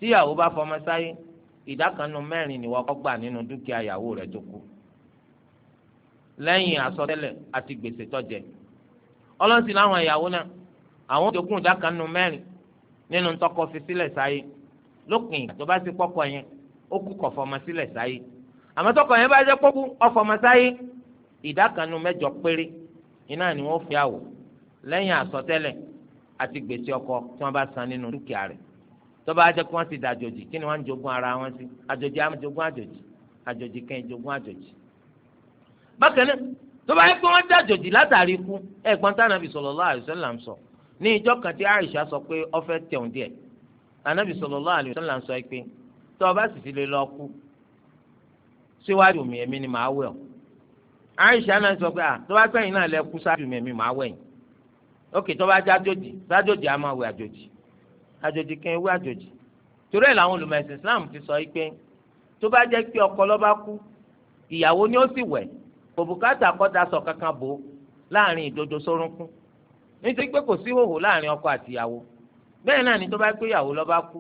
tí ìyàwó bá fọmọ sáyé ìdá mẹ́rin ni wọ́n kọ́ gbà nínú dúkìá ìyàwó rẹ̀ tó kù lẹ́yìn àsọtẹ́lẹ̀ àti gbèsè tọ́jẹ ọlọ́sì láwọn ìyàwó náà àwọn tó kù ìdá kan nínú mẹ́rin nínú tọkọ fi sílẹ̀ sáyé lópin ìgbà tó bá sí pọ́kọ yẹn ó kú kọ̀ fọmọ sílẹ̀ sáyé àmọ́ tọkọ yẹn bá jẹ́ pọ́kú ọfọmọ sáyé ìdá mẹ́jọ péré iná ni wọ́n fi àwọ̀ lẹ́yìn àsọtẹ́lẹ̀ àti gbèsè ọkọ tí wọ́n bá san nínú dúkìá rẹ̀ tó bá kí wọ́n ti dàjòjì kí ni wọ́n ń jogún ara wọn sí àjòjì á máa jogún àjòjì àjòjì kan jogún àjòjì. bákan náà tó bá yẹ pé wọ́n dàjòjì látàrí ikú ẹ̀gbọ́n tánàbì sallallahu alaihi wasallam sọ ní ìjọ kan tí Àìṣà sọ pé ó fẹ́ tẹ̀hún díẹ̀ ànábì sallallahu alaihi wasallam sọ pé tó o bá sì fi lè lọ kú síwájú mi èmi ni màá wẹ̀ ọ́ ókè tó bá jẹ́ àjòjì sájòjì á máa wẹ̀ àjòjì àjòjì kan ewé àjòjì torí ẹ̀ làwọn olùmọ̀ Islam fi sọ pé tó bá jẹ́ pé ọkọ ló bá kú ìyàwó ni ó sì wẹ̀ kò bùkátà kọ́ta sọ kankan bò láàrin ìdodo sórúnkún nítorí pé kò sí hòhò láàrin ọkọ àti ìyàwó bẹ́ẹ̀ náà ni tó bá pé ìyàwó ló bá kú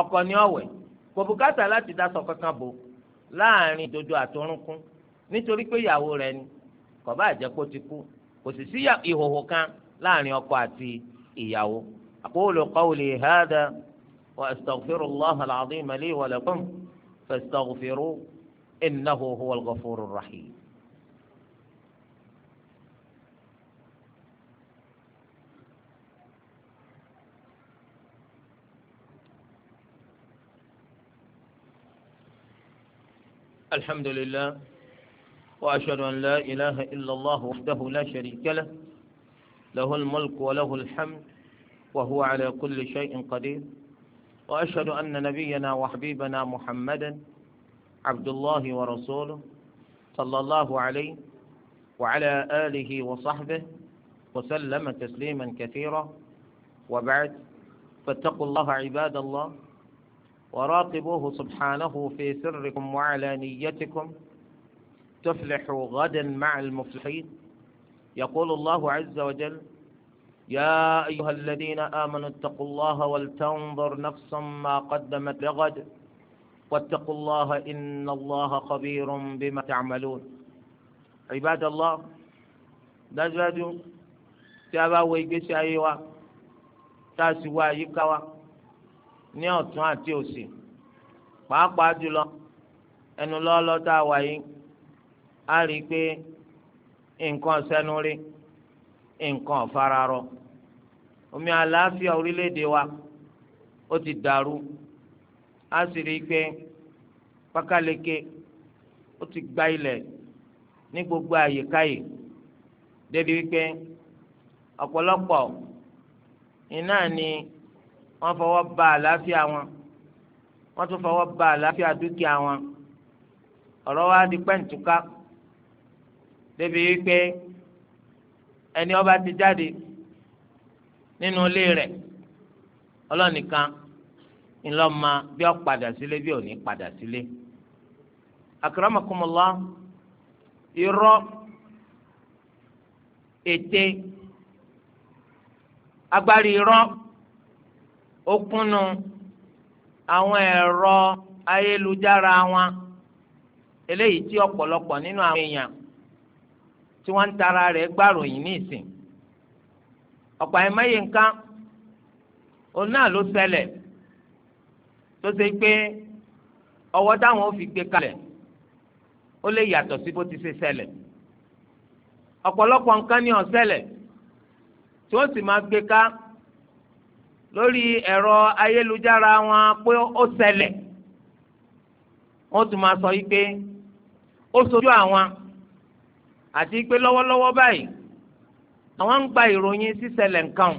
ọkọ ni ó wẹ̀ kò bùkátà láti kankan bò láàrin ìdodo àtọrúnkún nítorí pé ìyàwó rẹ̀ ni kò bá jẹ́ kó ti kú kò sì sí ìhòhò kan láàrin ọkọ àti ìyàwó aqulu qawli hadha wa astaghfirullaha al-azima li wa lakum fastaghfiru innahu huwal ghafurur rahim. الحمد لله وأشهد أن لا إله إلا الله وحده لا شريك له له الملك وله الحمد وهو على كل شيء قدير وأشهد أن نبينا وحبيبنا محمدا عبد الله ورسوله صلى الله عليه وعلى آله وصحبه وسلم تسليما كثيرا وبعد فاتقوا الله عباد الله وراقبوه سبحانه في سركم وعلانيتكم تفلحوا غدا مع المفلحين يقول الله عز وجل يا أيها الذين آمنوا اتقوا الله ولتنظر نفسا ما قدمت لغد واتقوا الله إن الله خبير بما تعملون عباد الله dájúdájú tí a bá تاسوا يكوا نيو wa tá a sì wo لا wa ní ọ̀tún nǹkan sẹ́nu rí nǹkan fararọ omi àlàáfíà orílẹ̀-èdè wa ó ti dàrú a sì rí i pé pákáleke ó ti gba ilẹ̀ ní gbogbo àyíká yìí débi wípé ọ̀pọ̀lọpọ̀ iná ni wọ́n fọwọ́ ba àlàáfíà wọn wọ́n tún fọwọ́ ba àlàáfíà dúkìá wọn ọ̀rọ̀ wa di pẹ́ǹtùká. débi wípé ẹni ọba ti jáde nínú ilé rẹ̀ ọlọ́nìkan ma bí ó padà sílé bí ò ní padà sílé. akramakumullah irọ́ ète agbárí irọ́ ó kúnnu àwọn ẹ̀rọ ayélujára wọn eléyìí tí nínú àwọn èèyàn tí wọ́n ń tara rẹ̀ gbàròyìn ní ọ̀pọ̀ àyè nǹkan òun náà ló ṣẹlẹ̀ tó ṣe pé ọwọ́ táwọn ò fi gbé kalẹ̀ ó lè yàtọ̀ sí bó ti ṣe ọ̀pọ̀lọpọ̀ nǹkan ni ó tí ó sì máa gbé ká lórí ẹ̀rọ ayélujára wọn pé ó wọ́n tún máa sọ yìí pé ó sojú àti pé lọ́wọ́lọ́wọ́ báyìí àwọn ń gba ìròyìn nǹkan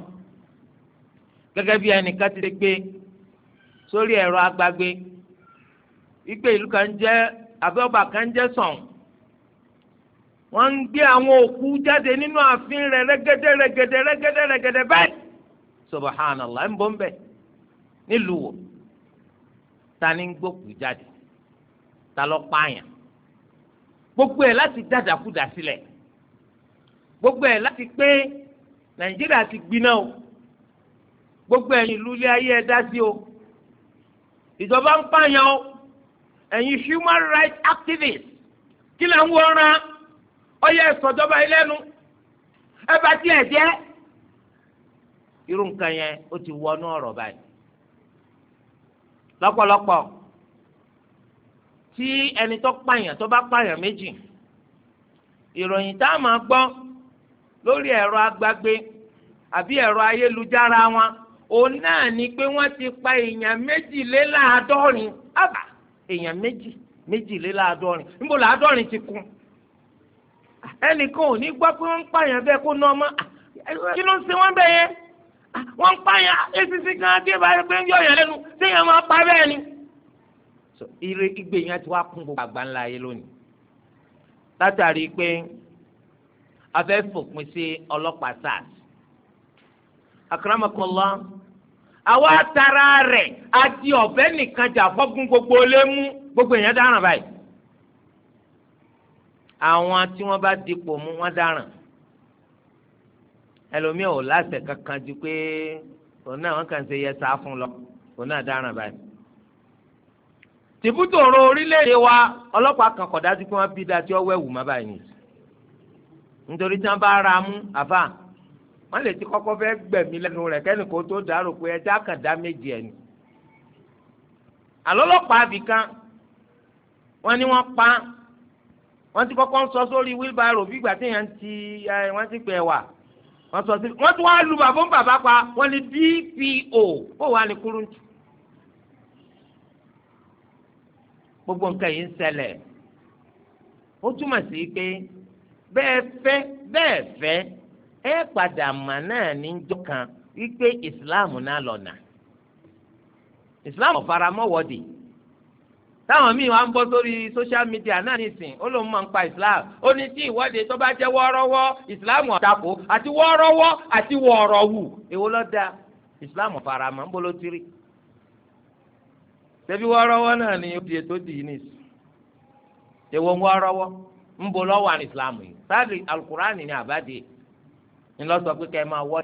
gẹ́gẹ́ bí ẹnìkan ti gbé agbagbe wípé ìlú kan jẹ́ àbẹ́ọ̀bà kan jẹ́ sàn wọ́n ń gbé àwọn òkú jáde nínú ààfin rẹ̀ rẹ́gẹ́dẹ́ rẹ́gẹ́dẹ́ rẹ́gẹ́dẹ́ rẹ́gẹ́dẹ́ bẹ́ẹ̀ ń bọ́ ń bẹ̀ ta ni ń jáde ta gbogbo ẹ̀ láti dàdàkúdà sílẹ̀ gbogbo ẹ̀ láti pé nàìjíríà ti gbiná o gbogbo ẹ̀yin ìlú ilé ayé ẹ dá sí o ìjọba ń pààyàn o ẹ̀yin human rights activists kí lè ń wọ́nra ọyẹ ìsọ̀jọba ẹlẹ́nu ẹ bá tiẹ̀ jẹ́ irú nǹkan yẹn ó ti wọnú ọ̀rọ̀ báyìí lọ́pọ̀lọpọ̀ tí ẹni tó pààyàn tó bá pààyàn méjì ìròyìn tá a máa gbọ́ lórí ẹ̀rọ agbágbé àbí ẹ̀rọ ayélujára wọn ni pé wọ́n ti pa èèyàn méjìléláàádọ́rin àbá èèyàn méjì méjìléláàádọ́rin níbo làádọ́rin ti kún ẹnìkan ò ní gbọ́ pé wọ́n ń pààyàn bẹ́ẹ̀ kó ná ọmọ kí ló ń ṣe wọ́n bẹ́ẹ̀ yẹn wọ́n ń pààyàn èsì sí kan dé báyìí pé ń yọ lẹ́nu ire igbe yẹn ti wá kún gbogbo àgbáńlá ayé lónìí látàrí pé a fẹ́ fòpin sí ọlọ́pàá sars akramakallah àwa tara rẹ̀ àti ọ̀bẹ nìkan jà fọ́gun gbogbo lé mú gbogbo èèyàn dáràn báyìí àwọn tí wọ́n bá dipò mú wọ́n dáràn ẹlòmíì ò láṣẹ kankan ju pé òun náà wọ́n kàn ṣe yẹsà fún lọ òun náà dáràn báyìí tìbútòrò orílẹ̀-èdè wa ọlọ́pàá kan kọ̀ dájú pé wọ́n bí dájú ọwọ́ ẹ̀wù má báyìí nìyí nítorí tí wọ́n bá ra mú àfà wọ́n lè ti kọ́kọ́ fẹ́ gbẹ̀mí lẹ́nu rẹ̀ kẹ́ni kó tó dárò pé ẹja kan dá méje ẹ̀ ni àlọ́lọ́pàá àbìkan wọ́n ní wọ́n pa wọ́n ti kọ́kọ́ ń sọ sórí wheelbarrow bí ìgbà tí èèyàn ti wọ́n ti pè wà wọ́n sọ sí wọ́n tún wá lu bàbá ń bàbá pa wọ́n ní DPO ó wà ní kúrúntù gbogbo nǹkan yìí ń ṣẹlẹ̀ ó túmọ̀ sí pé bẹ́ẹ̀ fẹ́ bẹ́ẹ̀ fẹ́ ẹ padà mà náà níjọ́ kan wípé ìsìláàmù náà lọ́nà ìsìláàmù faramọ́wọ́dì táwọn míì wá ń bọ́ sórí social media náà nìsín ó lóun máa ń pa islam ó ní tí ìwọ́de tó bá jẹ́ wọ́ọ́rọ́wọ́ islam ọ̀tàkù àti wọ́ọ́rọ́wọ́ àti wọ́ọ́rọ́wù èwo ló dáa islam faramọ́ ń bolo tiri. ṣebí wárọ́wọ́ náà ni o di ètò dìí ní ìsìn èwo ń wárọ́wọ́ ń lọwọ yìí sáàbì ni àbádé ni lọ sọ pé kẹ́ ẹ máa wọ́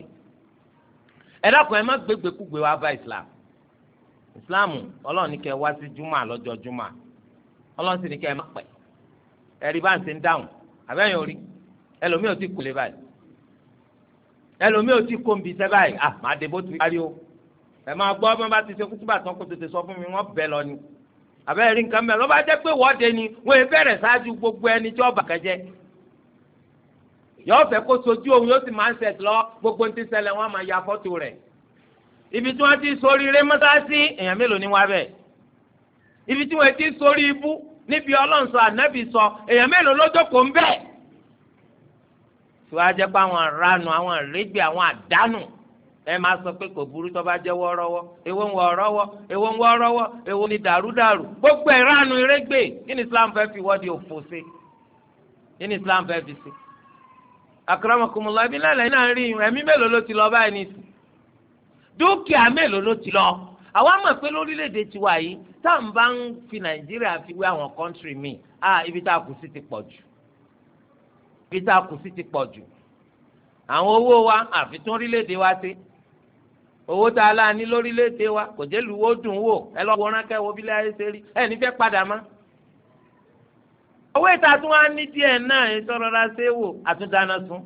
ẹ dákun ẹ má gbégbé kúgbé wá bá ìsìlámù ìsìlámù ọlọ́run wá sí sì ẹ má bá ń ń dáhùn orí ẹlòmíì ò ti kúlẹ̀ ẹ máa gbọ́ bí wọ́n bá ti ṣe kútúbà tán kó tètè sọ fún mi wọ́n bẹ̀ lọ ni àbẹ́rẹ́ rí nǹkan mẹ́rin ló bá jẹ́ pé wọ́ọ̀dẹ ni wọ́n bẹ̀rẹ̀ ṣáájú gbogbo ẹni tí ọba kẹjẹ yọ fẹ́ kó sojú òun yóò sì máa ń sẹ̀t lọ gbogbo ti ṣẹlẹ̀ wọn máa ya fọ́tò rẹ̀ ibi tí wọ́n ti sórí rẹ mọ́tàsí èèyàn mélòó ni wá bẹ̀ ibi tí wọ́n ti sórí ibú níbi ọlọ́nsọ ànábì sọ èèyàn mélòó ló jókòó ń bẹ̀ tí wọ́n á jẹ́ pé àwọn aránù àwọn àrégbè àwọn àdánù ẹ máa sọ pé kò burú tó bá jẹ́ wọ́ọ́rọ́wọ́ èwo ń wọ́ọ́rọ́wọ́ èwo ń wọ́ọ́rọ́wọ́ èwo ni dàrúdàrú gbogbo ẹ̀ ránu irégbè kí ni Islam fẹ́ fi wọ́ọ̀dì òfò ṣe kí ni Islam fẹ́ fi ṣe. àkàràmọ̀kùnmọ̀lá ibi lẹ́lẹ̀ náà rí ẹ̀mí mélòó ló ti lọ báyìí ní ìsìn dúkìá mélòó ló ti lọ àwa mọ̀ pé lórílẹ̀‐èdè tiwa yìí tá à ń bá ń fi Nàìjíríà fi wé àwọn kọ́ńtírì míì á ibi tá a kù sí ti pọ̀ jù ibi tá a kù sí ti pọ̀ jù àwọn owó wa àfi tún orílẹ̀‐èdè wa ṣe owó tá a lá ní lórílẹ̀‐èdè wa kò jẹ́ wò ẹ lọ́ wọ́n wo bílẹ̀ ayé ṣe rí ẹ nífẹ̀ẹ́ padà mọ́. owó ìta tún wá ní díẹ̀ náà ẹ sọ̀rọ̀ ra wò àtúndáná sún.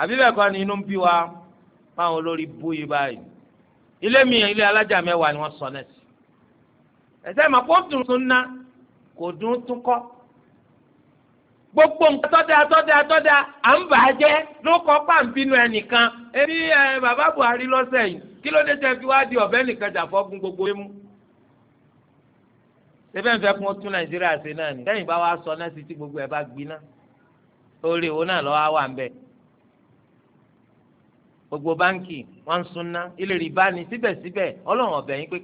àbí bẹ́ẹ̀ kọ́ ni inú ń bí wa fáwọn olórí báyìí. ilé mi ilé alájà sọ náà sí. ẹ̀sẹ̀ mọ̀ kò gbogbo nǹkan tọ́da tọ́da tọ́da à ń bàjẹ́ ló kọ́ pàǹbínú ẹnìkan èmi bàbá Buhari lọ́sẹ̀ yìí kí ló dé tẹ́ fi wá di ọ̀bẹ nìkan jà gbogbo ẹ mú. sẹ́fẹ̀ ń fẹ́ kún Nàìjíríà ṣe náà ni lẹ́yìn bá wa sọ náà sí tí gbogbo ẹ̀ bá gbiná orí ìwo náà lọ́ wá wà ń bẹ̀. gbogbo báńkì wọ́n ń súnná ilé rìbá ni síbẹ̀síbẹ̀ Ọlọ́run ọ̀bẹ̀ yín pé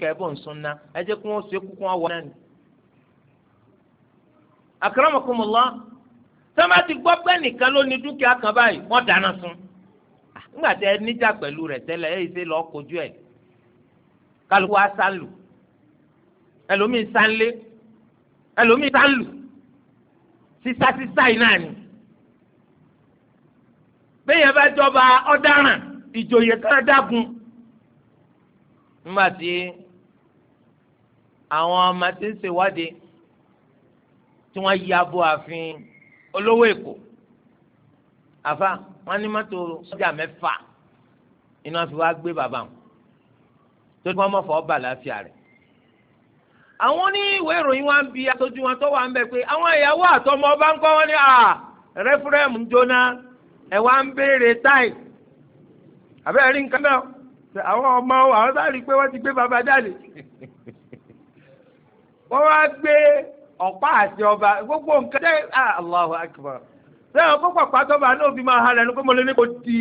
sọ́mà ti gbọ́ pé nìkan ló ní dúkìá kan báyìí wọ́n dáná sun nígbà tí ẹ níjà pẹ̀lú rẹ̀ tẹ́lẹ̀ ẹ̀ ṣe lọ́ọ́ kojú ẹ̀ kálukú á sálù ẹlòmíì sánlé ẹlòmíì sálù sísá sísá yìí náà ni bẹ́ẹ̀ bá jọba ọ̀daràn ìjòyè kan dágun nígbà tí àwọn ọmọ tí ń ṣèwádìí tí wọ́n yí abo àfin olówó èkó àfa wọn ní mọ́tò sọ́jà mẹ́fà iná fi wá gbé bàbá wọn tó ní wọn mọ̀ fọ́ bà láfíà rẹ̀ àwọn ní ìwé ìròyìn wa ń bi aṣojú wọn tó wà ń bẹ pé àwọn ìyàwó àtọmọ ọba ń kọ́ wọn ní à rẹ́fúrẹ́mù jóná ẹ̀ wá ń béèrè táì àbẹ́rẹ́ rí nǹkan náà àwọn ọmọ àwọn sáré pé wọ́n ti gbé bàbá jáde wọ́n wá gbé ọ̀pá àti ọba gbogbo nǹkan tẹ́ ah Allahu Akbar lẹ́yìn ọ̀pọ̀ pàpà tọ́ba náà máa pé mo lè ní kó ti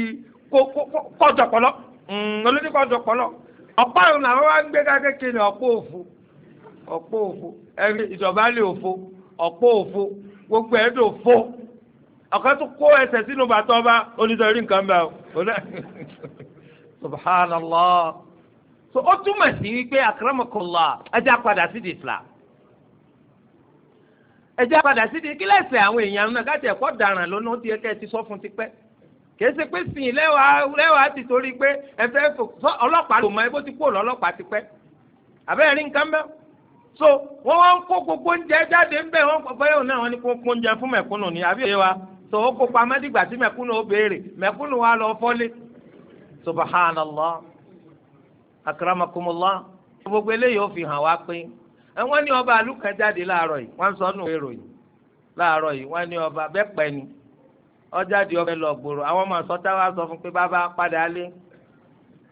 mm, mo lè ní ọ̀pá wá ń gbogbo ọ̀kan tó kó ẹsẹ̀ sínú bàtà ọba onídọ̀rí nǹkan subhanallah ẹjẹ padà síbi kí lẹsẹ àwọn èèyàn náà káàtì ẹkọ daràn lónà ó ti yẹ ti sọ fún tipẹ́ kìí ṣe pé sìn lẹwàá lẹwàá ti torí pé ẹ fẹ́ fò ọlọ́pàá lò mọ ẹ bó ti kúrò lọ́lọ́pàá tipẹ́ so wọ́n wá ń kó gbogbo oúnjẹ jáde ń bẹ̀ wọ́n fẹ́yọ̀ náà wọ́n ní kó oúnjẹ fún ni àbí wa so ó kó pamọ́ dìgbà tí mẹ̀kúnnù ó béèrè wọ́n ní ọba àlù kan jáde láàárọ̀ yìí wọ́n sọ nù èrò yìí láàárọ̀ yìí wọ́n ní ọba bẹ́ẹ̀ pẹ́ ni ọjáde ọbẹ̀ lọ gbòòrò àwọn ọmọ sọ́tà wa sọ fún pé bàbá padà lé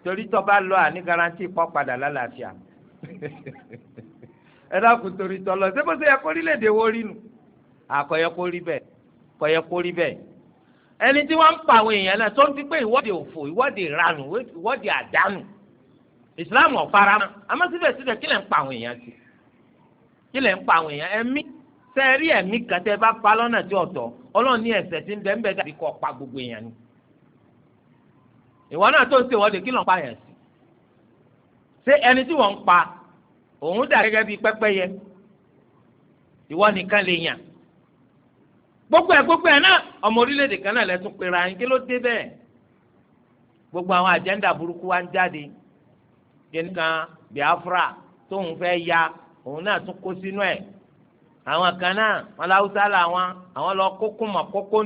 torí tọ́ba lọ àní garanti pọ́ padà lálàáfíà ẹ dákun torí tọ́lọ ṣé bó ṣe yẹ kó orílẹ̀-èdè wo rí nu àkọ́yẹ kó rí bẹ́ẹ̀ kọ́yẹ kó rí bẹ́ẹ̀ ẹni tí wọ́n ń pa àwọn èèyàn náà tó ń ti pé ìwọ́de òfò ìwọ́de ìranù ìwọ́de àdánù ìsìláàmù ọ̀farama àmọ́ síbẹ̀síbẹ̀ kí lẹ̀ ń pa àwọn èèyàn sí i kí lẹ̀ ń pa àwọn èèyàn emi sẹ́ẹ̀rí ẹ̀mí kan bá pa lọ́nà tí ọ̀tọ̀ ọlọ́run ní ẹ̀ṣẹ̀ tí ń bẹ ń bẹ dàbí pa gbogbo èèyàn ni ìwọ náà tó ń kí pa yẹn sí ṣé ẹni tí ń pa òun dà gẹ́gẹ́ bíi ìwọ nìkan lè yàn gbogbo ẹ̀ gbogbo ẹ̀ náà ọmọ orile kan náà lẹ́tún pera yín kí ló dé gbogbo àwọn burúkú wa ń Biafra tóun fẹ́ ya òun náà tún kó sínú ẹ àwọn kan náà wọn láwùsá àwọn lọ kókó mọ kókó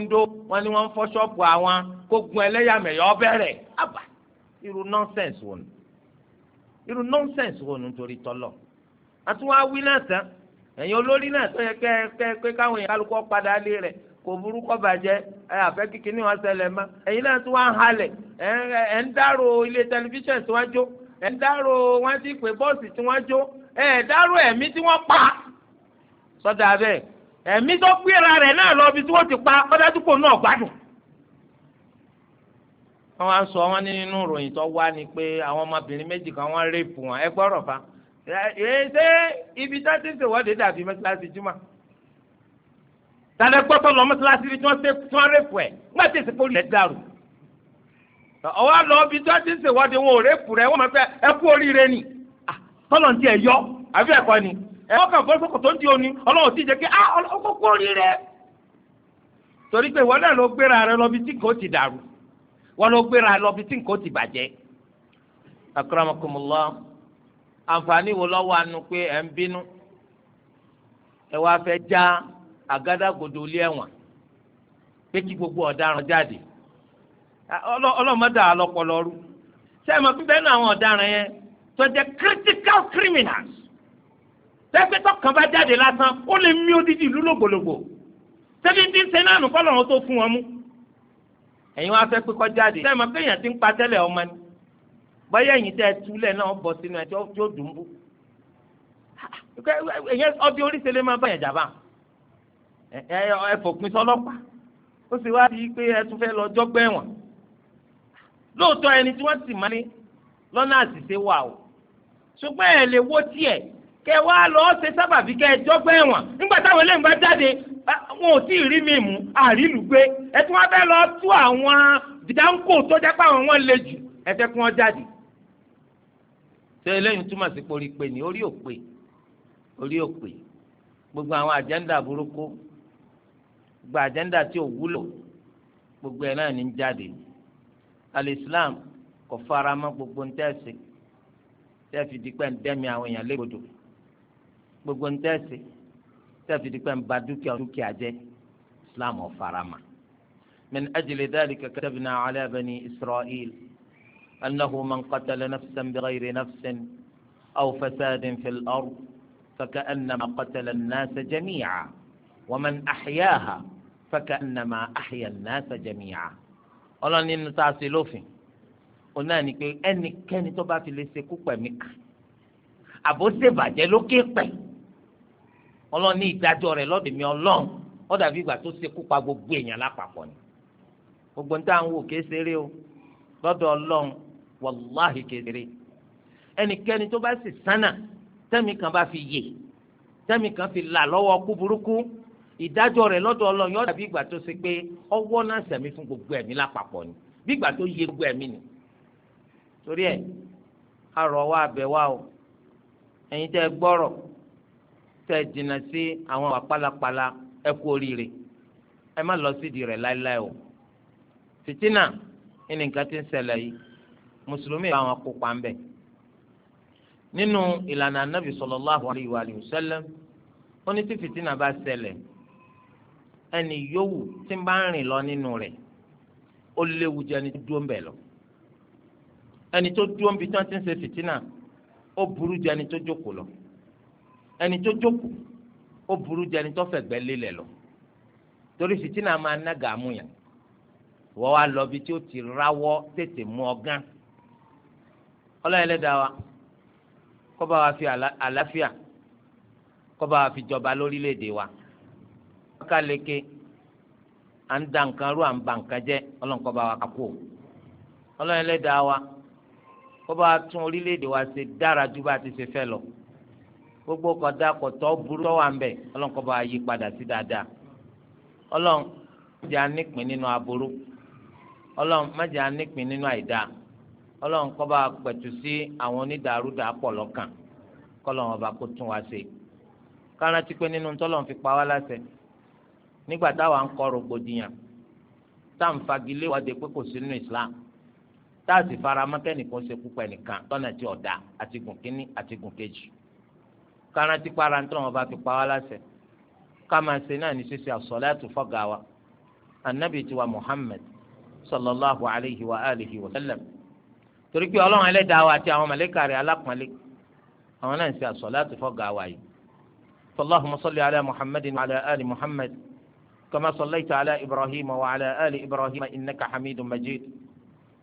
wọn ni wọn ń fọ àwọn kógun ẹlẹ́yàmẹ̀yà ọbẹ̀rẹ̀ àbá irú irú náà tán olórí náà tó yẹ káwọn padà lé rẹ̀ kò burúkọ bàjẹ́ ẹ àfẹ́ kíkì ní wọn ṣẹlẹ̀ náà tún wá ń ẹ dárò ẹ̀mí tí wọ́n pa sọ́dà bẹ́ẹ̀ ẹ̀mí tó gbéra rẹ̀ náà lọ ibi tí wọ́n ti pa ọ̀dájúpọ̀ náà gbádùn. wọ́n á sọ wọ́n nínú ìròyìn tó wá ni pé àwọn ọmọbìnrin méjì kan wọ́n rèpù wọn ẹ gbọ́rọ̀ fa ṣé ibi tá ti ń ṣèwọ́de dàbí mọ́tíláṣí jùmọ̀ tàbí gbọ́dọ̀ lọ mọ́tíláṣí tí wọ́n rèpù ẹ̀ ńgbà tí èsì pólì rẹ̀ dàrú ọwọ́ lọ ibi tá ti ń ṣèwọ́de wọn ò rèpù rẹ̀ wọ́n máa fẹ́ ẹ kú oríire ni. tọ́lọ̀ ti ẹ̀ yọ àbí ẹ̀kọ́ ni ẹ̀kọ́ kan fọ́ sọ́kò tó ń di òní ọlọ́run ti jẹ́ pé á ọkọ̀ kú orí rẹ̀ torí pé ìwọ náà ló gbéra rẹ lọ bí tí nǹkan ó ti dàrú wọn ló gbéra lọ bí tí nǹkan ó ti bàjẹ́. akramakumullah àǹfààní wo lọ́wọ́ anu pé ẹ̀ ń bínú ẹ wá fẹ́ já àgádágodo ilé ẹ̀wọ̀n pé kí gbogbo ọ̀daràn jáde ọlọ́mọdà pípẹ́ náà àwọn ọ̀daràn yẹn tó jẹ́ critical criminals tẹ́gbẹ́ tó kàn bá jáde lásán ó lè mí odidi ìlú lògbòlògbò tẹ́bí ti ń ṣe náà nù kọ́lọ̀ wọn tó fún wọn mú ẹ̀yin wá fẹ́ pé kọ́ jáde sẹ́yìn máa kéèyàn ti ń pa tẹ́lẹ̀ ọmọ ni bọ́yá ẹ̀yin tẹ́ ẹ túlẹ̀ náà bọ̀ sínú ẹ̀ tí ó dùn bú ẹ̀yẹ ọbẹ̀ oríṣiríṣi máa bá yẹn jà bá fòpin sọlọ́pàá ó sì wá rí i pé ẹ tún fẹ́ lọ jọ́gbẹ́ wọn lóòótọ́ ẹni tí wọ́n sì máa ní lọ́nà àṣìṣe wà o ṣùgbọ́n ẹ̀ lè wo tiẹ̀ kẹ wá lọ ṣe sábàbí kẹ jọgbọ ẹ̀wọ̀n nígbà táwọn eléyìí bá jáde wọn ò tí ì rí mi mú àrílù gbé ẹ tí wọn fẹ́ lọ tú àwọn dídáńkò tó jẹ pé àwọn wọn le jù ẹ fẹ́ kí wọn jáde. ṣé eléyìí túmọ̀ sí porí pé ni orí òpè orí òpè gbogbo àwọn àjẹ́ńdà burúkú gbogbo àjẹ́ńdà tí ò wúlò gbogbo ẹ̀ náà ní jáde alẹ́ Islam kò fara mọ́ gbogbo ń tẹ̀sí tẹ́ fi di pẹ́ ń dẹ́mi àwọn èèyàn légbodò gbogbo ń tẹ́sí tẹ́ fi di pẹ́ ń ba dúkìá dúkìá jẹ́ islam ọ̀farama. من أجل ذلك كتبنا على بني إسرائيل أنه من قتل نفسا بغير نفس أو فساد في الأرض فكأنما قتل الناس جميعا ومن أحياها فكأنما أحيا الناس جميعا. ọlọ́ni nínú tá a lófin òun náà ni pé ẹnikẹ́ni tó bá fi lè ṣekú pẹ̀mí kan àbó ṣèbàjẹ́ lókè pẹ̀ ọlọ́ni ìdájọ́ rẹ̀ lọ́dẹ̀mí ọlọ́run ó dàbí ìgbà tó ṣekú pa gbogbo èèyàn lápapọ̀ ni gbogbo ní táwọn wò kéé ṣeré o lọ́dọ̀ ọlọ́run wàláhì kékeré ẹnikẹ́ni tó bá sì sánà tẹ́mi kan bá fi yè tẹ́mi kan fi là lọ́wọ́ kú burúkú ìdájọ́ rẹ̀ lọ́dọ̀ ọlọ́run yóò dàbí ni bí ìgbà tó yẹ gbogbo ẹ̀mí ni torí ẹ̀ arọ̀ wa abẹ̀ wa o ẹ̀yin tẹ́ gbọ́rọ̀ tẹ́ jìnnà sí àwọn wà pálapàla ẹ kú oríire ẹ má lọ sídìí rẹ̀ láéláé o fìtínà ní nǹkan tí ń ṣẹlẹ̀ yìí mùsùlùmí bá wọn kópa ń bẹ̀ nínú ìlànà anabi sallallahu alayhi wa sallam ó ní tí fìtínà bá ṣẹlẹ̀ ẹni yòówù tí ń bá ń rìn lọ nínú rẹ̀ ó léwu jẹni tó dúró ń bẹ̀ lọ. ẹni tó dúró níbi tí wọ́n ti ń ṣe fìtínà ó burú ju ẹni tó jókòó lọ ẹni tó jókòó ó burú ju ẹni tó fẹ̀gbẹ́ lélẹ̀ lọ torí fìtínà máa ń nága àmúyàn wọ́n wá lọ bí tí ó ti ráwọ́ tètè mú ọgán ọlọ́yẹ̀lẹ́dàá wa kó bá wa fi àlàáfíà kó bá wa fi jọba lórílẹ̀‐èdè wa káleke à ń da nǹkan rú à ń ba nǹkan jẹ́ ọlọ́nkọ́ bá wa kakú wa. kó bá tún orílẹ̀-èdè wa ṣe dára ju bá ti ṣe fẹ́ lọ gbogbo kọ̀dá kọ̀tọ́ burú tó wà ń bẹ̀ ọlọ́run kó bá yí padà sí dáadáa ọlọ́run jẹ́ anípín nínú aburú ọlọ́run má jẹ́ anípín nínú àìdá ọlọ́run kó bá pẹ̀tù sí àwọn onídàárúdàápọ̀ lọ́kàn kọ́lọ́run ọba kó tún wá ṣe kárántí pé nínú tọ́lọ́run fi pa wá láṣẹ nígbà táwa ń kọ́ rògbòdìyàn táǹfàgilé wọ́de pé kò sínú Islam táàsì faramọ́ kẹ́nìkan ṣe púpọ̀ ẹnìkan lọ́nà tí ọ̀dà àtìgùn kínní àtìgùn kejì kárántí para nítorí wọn bá fi pa wá láṣẹ ká máa ṣe náà ní ṣíṣe àsọ̀láàtù fọ́gà wa anabi tiwa Muhammad sallallahu alayhi wa alihi wa sallam torí pé ọlọ́run ẹlẹ́dàá wa àti àwọn mẹ̀lẹ́kà rẹ̀ alápọ̀nlé àwọn náà ń ṣe àsọ̀láàtù fọ́gà wa yìí fallahumma salli ala muhammadin wa ala ali muhammad kama sallaita ala ibrahim wa ala ali ibrahim innaka hamidun majid.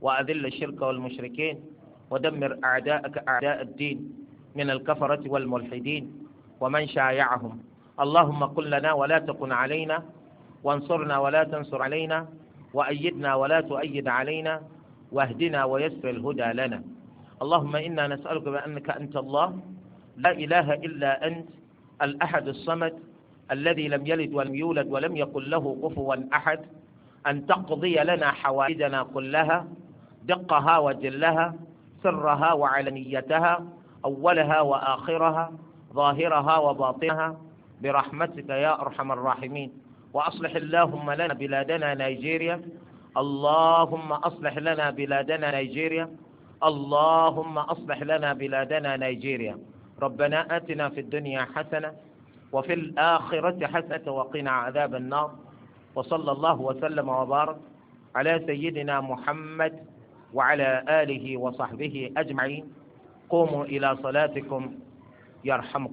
وأذل الشرك والمشركين ودمر أعداءك أعداء الدين من الكفرة والملحدين ومن شايعهم اللهم قل لنا ولا تكن علينا وانصرنا ولا تنصر علينا وأيدنا ولا تؤيد علينا واهدنا ويسر الهدى لنا اللهم إنا نسألك بأنك أنت الله لا إله إلا أنت الأحد الصمد الذي لم يلد ولم يولد ولم يقل له كفوا أحد أن تقضي لنا حوائجنا كلها دقها وجلها سرها وعلنيتها أولها وآخرها ظاهرها وباطنها برحمتك يا أرحم الراحمين وأصلح اللهم لنا بلادنا نيجيريا اللهم أصلح لنا بلادنا نيجيريا اللهم أصلح لنا بلادنا نيجيريا ربنا آتنا في الدنيا حسنة وفي الآخرة حسنة وقنا عذاب النار وصلى الله وسلم وبارك على سيدنا محمد وعلى آله وصحبه أجمعين قوموا إلى صلاتكم يرحمكم